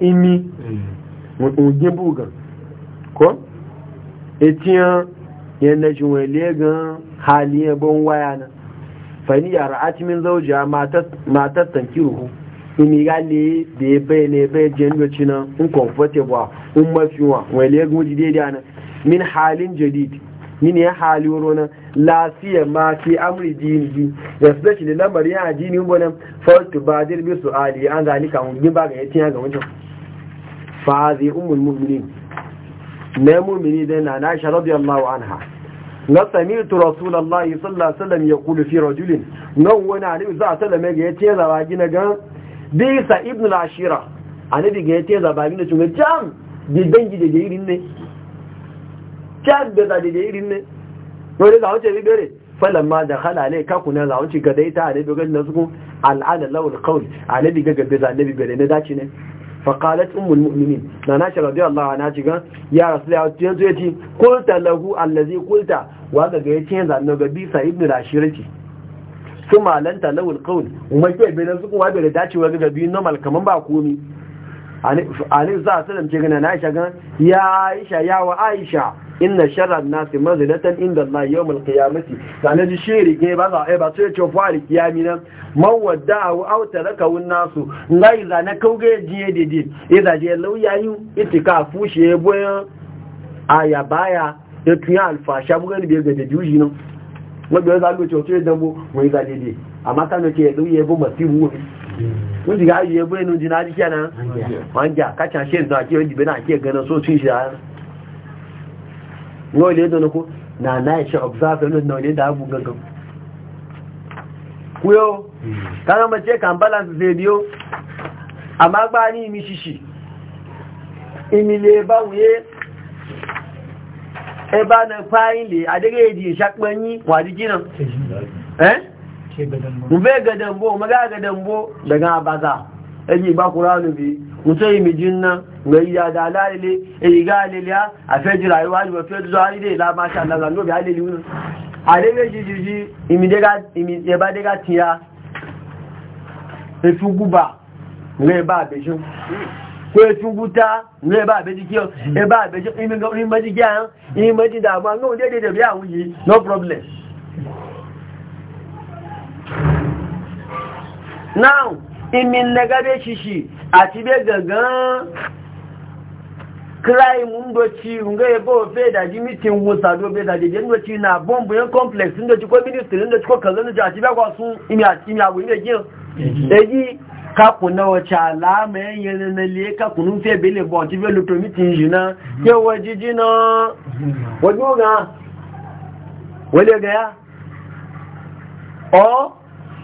imi ugin bugan ko etiyan yana jiwele gan haliyan bon waya na fani ya ra'ati min zaujiya matar tankiruhu imi e gale da ya bai ne bai jendoci na in comfortable in mafiwa wale gun jide da na min halin jadid ne ya hali wurona lafiya ma fi amri dini ji especially lamar ya dini wani ba badir bi su ali an zalika ka bi ba ga yatin ya ga wancan fa zai ummul mummini na mummini da na na sha radiyallahu anha na sami'tu rasulullahi sallah alaihi ya kulu fi rajulin nan wani ali za a sallame ga yatin zawa gina gan bisa ibn al-ashira anabi ga da zawa gina cin jam gidan da irin ne kyan da zaɗe da irin ne wani zaun ce bibere falon ma da hala ne kakuna zaun ci gada ita a ne bigan na suku al'ada lawal kawai a ne bigan gabe zaɗe bibere na dace ne faƙalat umul mu'minin na na shirabi Allah na ci gan ya rasu da yawon yanzu ya ci kulta lahu allazi kulta wa ga ya ce zanen ga bisa ibn rashirci su malanta lawal kawai umar ke bai na suku wa bai da dacewa ga gabi normal kamar ba komi alif za a salam ce gina na aisha gan ya aisha ya wa aisha inna sharar nasi tan inda na, yau mulki ya mutu sanar ji shi rike ba za a eh, ba sai ce fari kiyami nan man Mawadda a wata raka wun nasu ngai na kauge jiye dede iza je lauya yi ka fushe ya a ya baya ya tuya alfasha bugan da ga da juji nan wadda ya zalo ce wato ya dambo mai za dede amma kano ke lauya ya bu masu wuri wọ́n ti gáyé ẹgbẹ́ inú jìnà àdíkẹ́ náà wọ́n jà káàkiri ṣe ìzọ àkíyà ìdìbẹ̀ náà àkíyà gẹ́nà só tún ìṣẹ́ ara wọ́n na aláìṣẹ́ observer náà ilé dáàbù gangan kúyọ́ kára mọ̀ check lè bá na mube ga dambo maga ga dambo daga abaza eji ba kuranu bi mutu yi mijin nan ga iya da alalile eyi ga aliliya a feji rayuwa ba fe zuwa ide la ma sha Allah zanu bi alili wuni alele jijiji imidega imideba dega tiya etu guba nge ba abejun ko etu buta nge ba abeji kiyo e ba abejun imi ga ma ji gyan imi maji da ma ngo de de bi awun yi no problem now imin na gabe shishi a ti be gangan cry nga ya bawa fe jeje na complex ko ko a kwa imi a abu eji na wace mhm. alama na liye ti mhm. ke wajiji na wale ga ya o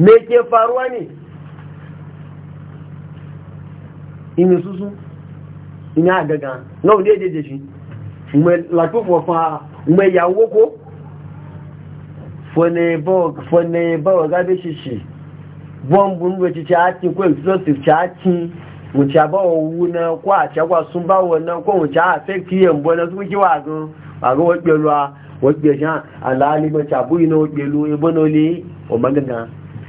me ke faruwa ne inu susu ina agaga náà ní èdè jẹṣi lakúfọ̀ fún ọmọ ìyàwó kó fọ́nẹ̀bọ̀ gábé ṣiṣi bọ́m̀bù ń rẹ̀ ṣiṣi àti kó explosive ṣe àti wùnṣe àbáwọ̀ owó náà kó àṣẹ́gbà súnbáwọ̀ náà kó wùnṣe àfẹ́ kí ẹ̀mbọ́ náà tó wíkí wà gan àgọ́wọ́ pẹ̀lú àwọ̀ pẹ̀ṣán àlàálẹ́gbẹ̀ṣàbúyìn náà pẹ̀lú ẹbọ́n náà lé ọmọ gangan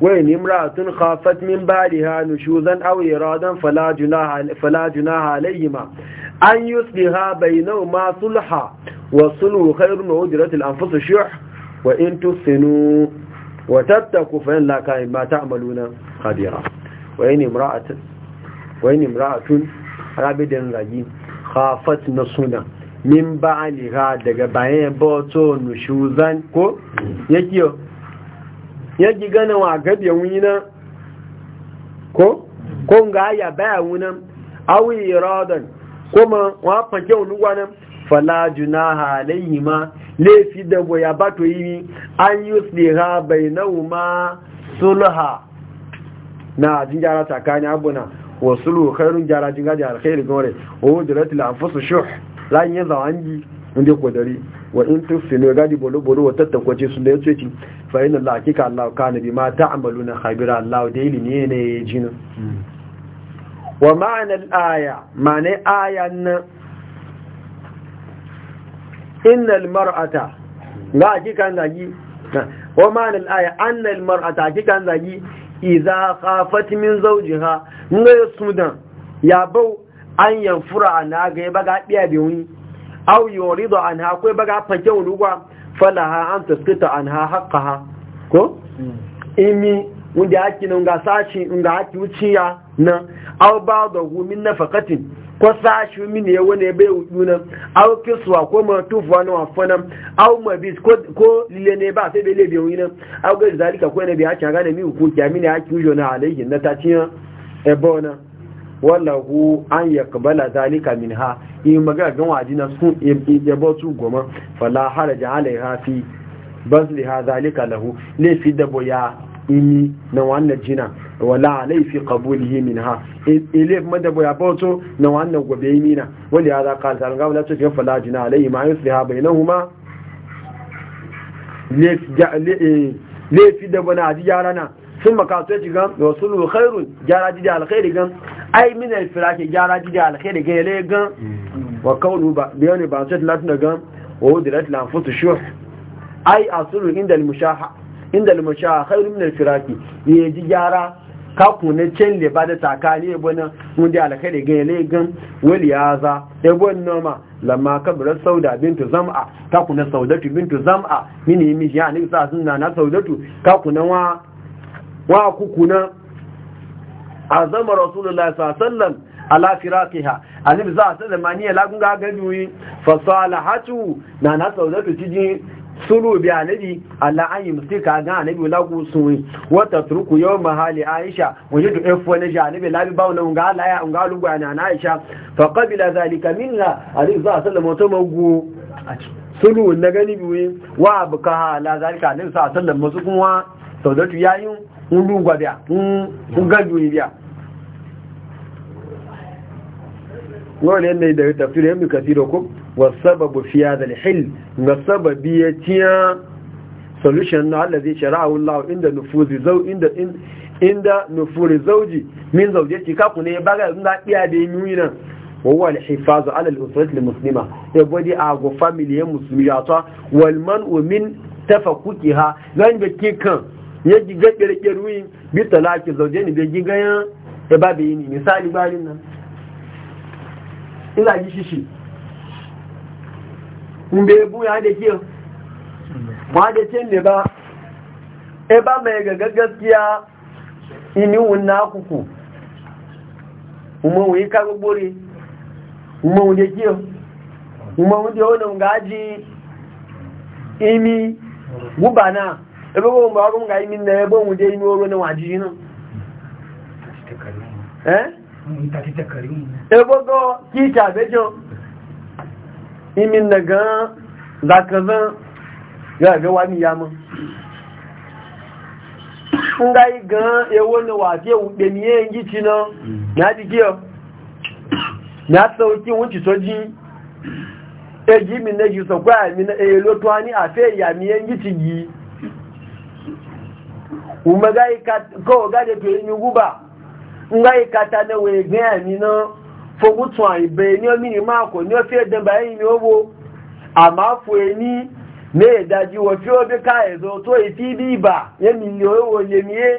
وإن امرأة خافت من بالها نشوزا أو إرادا فلا جناح, فلا جناح عليهما أن يصلها بينهما صلحا وصلوا خير من أجرة الأنفس الشح وإن تصنوا وتتقوا فإن لا كان ما تعملون خبيرا وإن امرأة وإن امرأة رابد رجيم خافت نصنا من بعلها دقبعين بوتو نشوزا كو يكيو yadda ganawa wa gabe wina ko ko nga ya baya wina awi iradan kuma wa fanke wani fala junaha alaihi ma laifi da boya bato yi an yusliha bainahuma sulha na jin gyara tsakanin abuna wa sulhu khairun gyara jin gaji alkhairi gore wa wujratil afusu shuh lan yazawangi inda ku dari wa in ne gadi bolo bolo wa tattakwace su da ya tsoci fa kika Allah hakika Allah kana bima na khabira Allah da ilimi ne ya nan wa ma'ana al-aya ma'ana ayan innal mar'ata ga hakikan zagi wa ma'anar aya anna al-mar'ata hakikan zagi iza khafat min zawjiha ha, sudan ya bau an yanfura na ga ya baga biya biyu aw ya anha akwai baga fage wulugwa falaha an ha anha haqqaha ko imi wanda yake nan ga sashi in ga haki wuciya nan aw ba da gumin nafaqatin ko sashi min ya wani bai wudu nan aw kiswa ko ma na wafanan aw bis ko ko lile ne ba sai bai lebe wani nan aw ga zalika na alaihi na wallahu an yaqbala zalika minha in magana gan wajina sun yabo su goma fala haraja alaiha fi bazliha zalika lahu laifi da boya imi na wannan jina wala laifi qabulihi minha ile e-, madabu ya bauto na wannan gobe na. Wani ya zaka san ga wala to fala jina alaihi ma yusliha bainahuma laifi e, da bana ji yarana sun makaso ya ci gan wasu khairun jara ji da alkhairi gan ai min firaki gyara ji da alkhairi ga yale gan mm. wa kaunu ba da yau ne ba sai latin da gan wa wudirat lan fusu shu. ai asuru inda almushaha inda almushaha khairu min alfiraki ye ji gyara ka kuna can le ba da takani ya bana mun da alkhairi ga yale gan wali yaza ya bon noma lamma kabra sauda bintu zam'a ka kuna saudatu bintu zam'a mini mi ya ni sa sunna na saudatu ka kuna wa wa na. azama rasulullahi sallallahu ala firaqiha annabi za ta zamani ya lagun ga gajuyi fa salahatu na na saudatu ciji sulu bi annabi Allah an yi yimsika ga annabi lagu suwi wa tatruku yawma hali aisha wajidu if wani ja annabi labi ba wannan ga Allah ya ga lugu ana aisha fa qabila zalika minna annabi za ta sallama to magu sulu na gani biwi wa abkaha la zalika annabi sallallahu alaihi wasallam masu kuma ya yi. ń lúgbà bíà ń gájú ìbíà wọ́n lè ní ìdàrí tafsir yẹ́mù kàfíìrò kó wà sábàbù fi yàdà hìl ga sábàbí ya tíyà solution na allazi shara'ahu Allah inda nufuzi zau inda inda zauji min zaujati ka ne baga na iya da yi nan الحفاظ على ya giga kirkir ruwi bi talaki zauje ni bai giga ya ya e ba bai ni misali barin nan ina yi shishi in bai bu ya da ke ma da ce ne ba e ba mai gaga gaskiya ini wunna kuku umma yi ka gbore umma wunde ke umma wunde wannan gaji imi gubana ebe ko ba ko ga min na ebe mu dai ni oro na waji ni eh ebe ko ki ta bejo imin na ga zakazan ga ga wani yamu Nga yi gan ewo na waje wuɗe ni yayin gici na na jikiyo na sauki wuce soji eji min na ji sakwai min na elo tuwani a fe yami yayin gici yi kuma gai ka ga de pe ni guba ngai kata ne we gan ni na fogu tun ai be ni o mini ma ko ni o fe de ba yin ni owo ama fu eni ne daji wo fi o be ka ezo to ifi e bi ba ye mi ni owo le mi e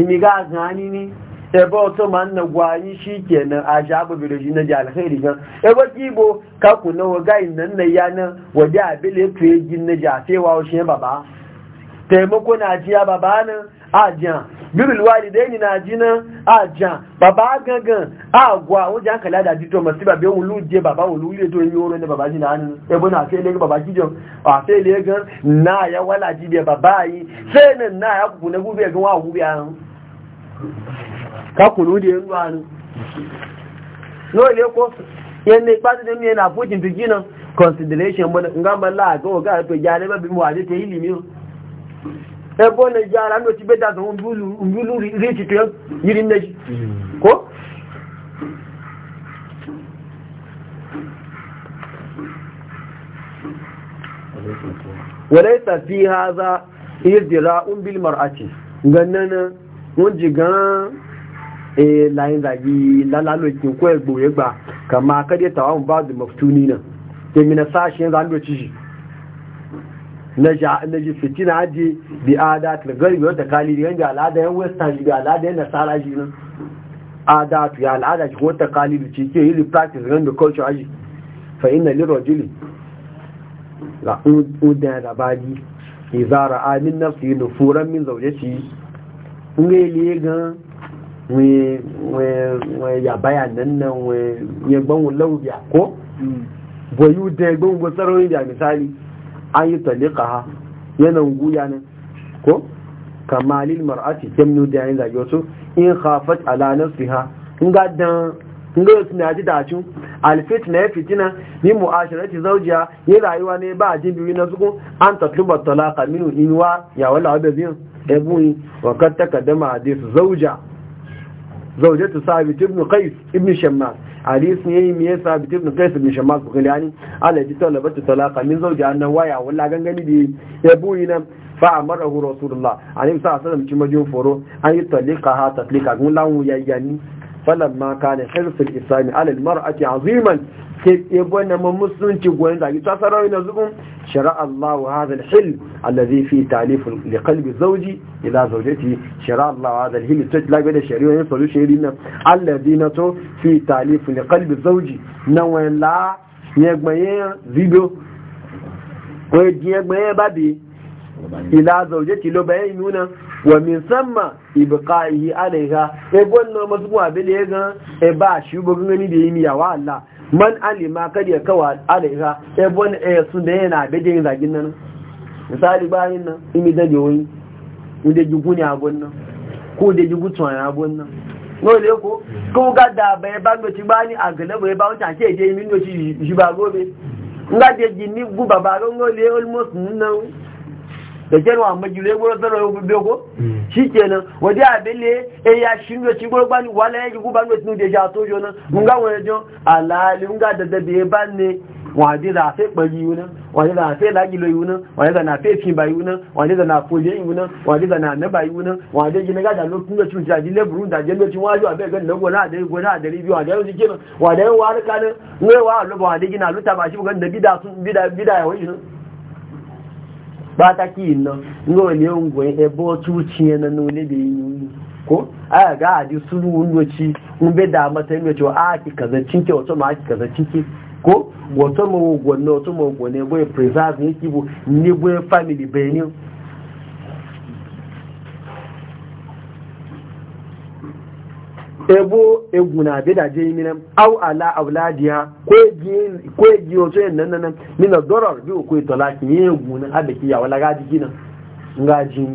imi ga gan ni ni ebe to ma na gwa yi shi kenan a sha abu bi na ji alkhairi gan ebe kibo ka ku na wa gai nan na ya nan wa abele to yi na ja sai e wa o baba taimako na ajiya babanin ajiya bibil walidaini na ajina ajiya baba gangan agwa wajen aka lada jito masu babe wulu je baba wulu ile to yi oron da baba jina hannun ebe na sai lega baba kijon a na ya wala jibe baba yi sai nan na ya kuku na gube hannun ka kunu da yin ruwa no ile ko yanne ipa da mi yana fokin consideration ẹgbọ́ na jẹ́ ara ní o ti bẹ́ dàtọ̀ òǹdúlù rí ti tó yìí méjì kó wọ́lẹ́ tàbí ha za ìdìra ń bí mar'aci wọ́n jì gan e, láyín zagi lálálòkín kó ẹgbò yẹ gbà kàmà kádẹ́tàwà bá da maftuni na tèmina sáṣẹ́ shi na ji fitina aji bi adatu gari wata kalili yanda al'ada yan western shi bi al'ada yan nasara ji nan adatu ya al'ada shi wata kali ce ke yi practice ganda culture aji fa ina liro jili da udan rabadi izara amin nafsi nufuran min zaujeci ngele gan wọn ya baya nan nan wọn yagbanwun lauya ko mm. boyu da yagbanwun tsaron da misali an yi taliƙa ha yanan guya ne ko kamalil mar'ati kemnu da yayin zage wasu in khafat ala nafsiha in ga dan in ga na ji dacin na ya fitina ni shirarci zaujiya yi rayuwa ne ba jin biyu na suku an tattu talaqa minu inuwa ya wala zin ebuni wa kad takaddama zaujiya zaujiya ta sabit ibn qais ibn shammas hadisin yayi me yasa bitin ibn qais ibn shammas bukhari ala ji talabatu talaqa min zawji annan waya walla gangani bi ya buyi nan fa amarahu rasulullah alayhi sallam ci majin foro an yi ha talika mun lawu yayyani falamma kana hirsul islami ala almar'ati aziman ke na ma musulunci gwani da ta sarari na zubin shari'a Allah wa hadal hil allazi fi talifin li qalbi zawji ila ti shari'a Allah wa hadal hil to lagbe da shari'a ne solution shari'a nan allazi na to fi talifin da kalbi zauji. na wani ye gbaye zido. ko ye gbaye babi ila zawjati lo bayin nuna wa min samma ibqaihi alaiha e gwanna masu abin ya ga e ba shi bugun gani da yi miya wa Allah man alima kada ya kawa alaiha ebon e, e su da yana da jin zagin nan misali bayin nan imi da joyi mu da jugu ne abun nan ko da jugu tun abun nan no le ko ko ga da ba ba go ti ba ni agale ba ba ta ke je mi no ti ji ba go be nga de ji ni gu baba ro no le almost nan da jarwa majire gura zara yau bebe ko shi kenan waje a bele e ya shi ne ci gura bani wala ya guba ne tinu da ja to jo nan mun ga wani jo alali mun ga da da ban ne Wani da fe bari yuna waje da fe lagi lo yuna da na fe fin ba yuna da na foje yuna da na na ba yi waje na da lo tinu ci ja ji le buru da je lo ci waje abe na gona da gona da ribi waje yau ji kenan waje wa ka ne ne wa lo ba da ya bata kpaakakinọ naole ngwe ebe otu chi ya na n'ole gaenye uyu ko aa gaadịsuru nochi mbeda agbata enwocha akika na chiche ọtọmakịka na chiche kogotọgwo na ọtọmgwo na-egbo ye prezadụ ike bụ nnegwe famili benu ebo eguna bida je minan au ala auladiya ko eji oso yin nan nan mina dorar bi ko itola ki yin eguna hada ki ya wala gaji gina ngaji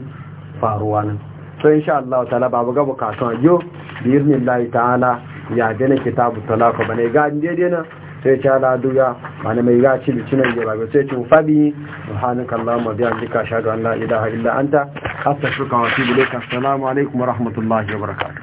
faruwa nan so insha Allah ta'ala babu gaba kasan yo bi iznillahi ta'ala ya gane kitabu talaka bane ga daidai na sai ta la duya mana mai ga ci bicinan gaba sai ci fabi subhanaka allahumma bi amdika ashhadu an la ilaha illa anta astaghfiruka wa atubu ilaik assalamu alaikum wa rahmatullahi wa barakatuh